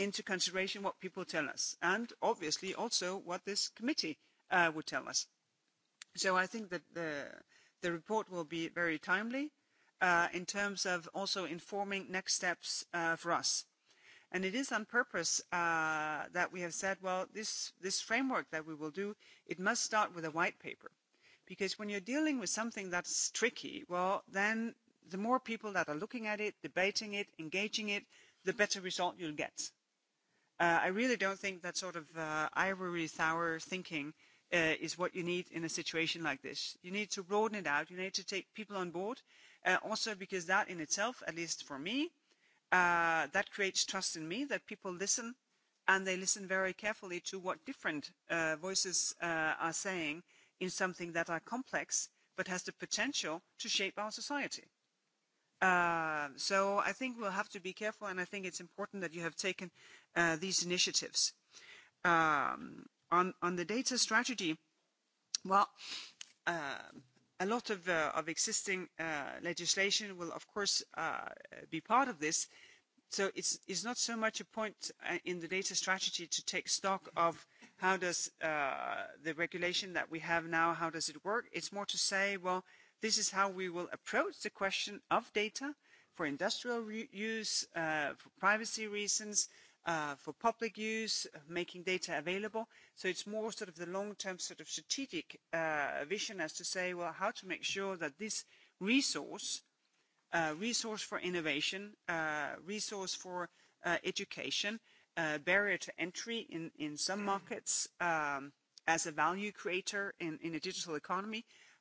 into consideration what people tell us and obviously also what this committee uh, would tell us. So I think that the, the report will be very timely uh, in terms of also informing next steps uh, for us. And it is on purpose uh, that we have said, well, this, this framework that we will do, it must start with a white paper. Because when you're dealing with something that's tricky, well, then the more people that are looking at it, debating it, engaging it, the better result you'll get I really don't think that sort of uh, ivory tower thinking uh, is what you need in a situation like this. You need to broaden it out. You need to take people on board, uh, also because that in itself, at least for me, uh, that creates trust in me that people listen and they listen very carefully to what different uh, voices uh, are saying in something that are complex but has the potential to shape our society so I think we'll have to be careful, and I think it's important that you have taken uh, these initiatives. Um, on, on the data strategy, well, uh, a lot of, uh, of existing uh, legislation will, of course, uh, be part of this. So it's, it's not so much a point uh, in the data strategy to take stock of how does uh, the regulation that we have now, how does it work? It's more to say, well, uh, This is how we will approach the question of data for industrial use, for privacy reasons, for public use, making data available. So it's more sort of the long-term sort of strategic uh, vision as to say, well, how to make sure that this resource, uh, resource for innovation, uh, resource for uh, education, uh, barrier to entry in, in some markets um, as a value creator in, in a digital economy,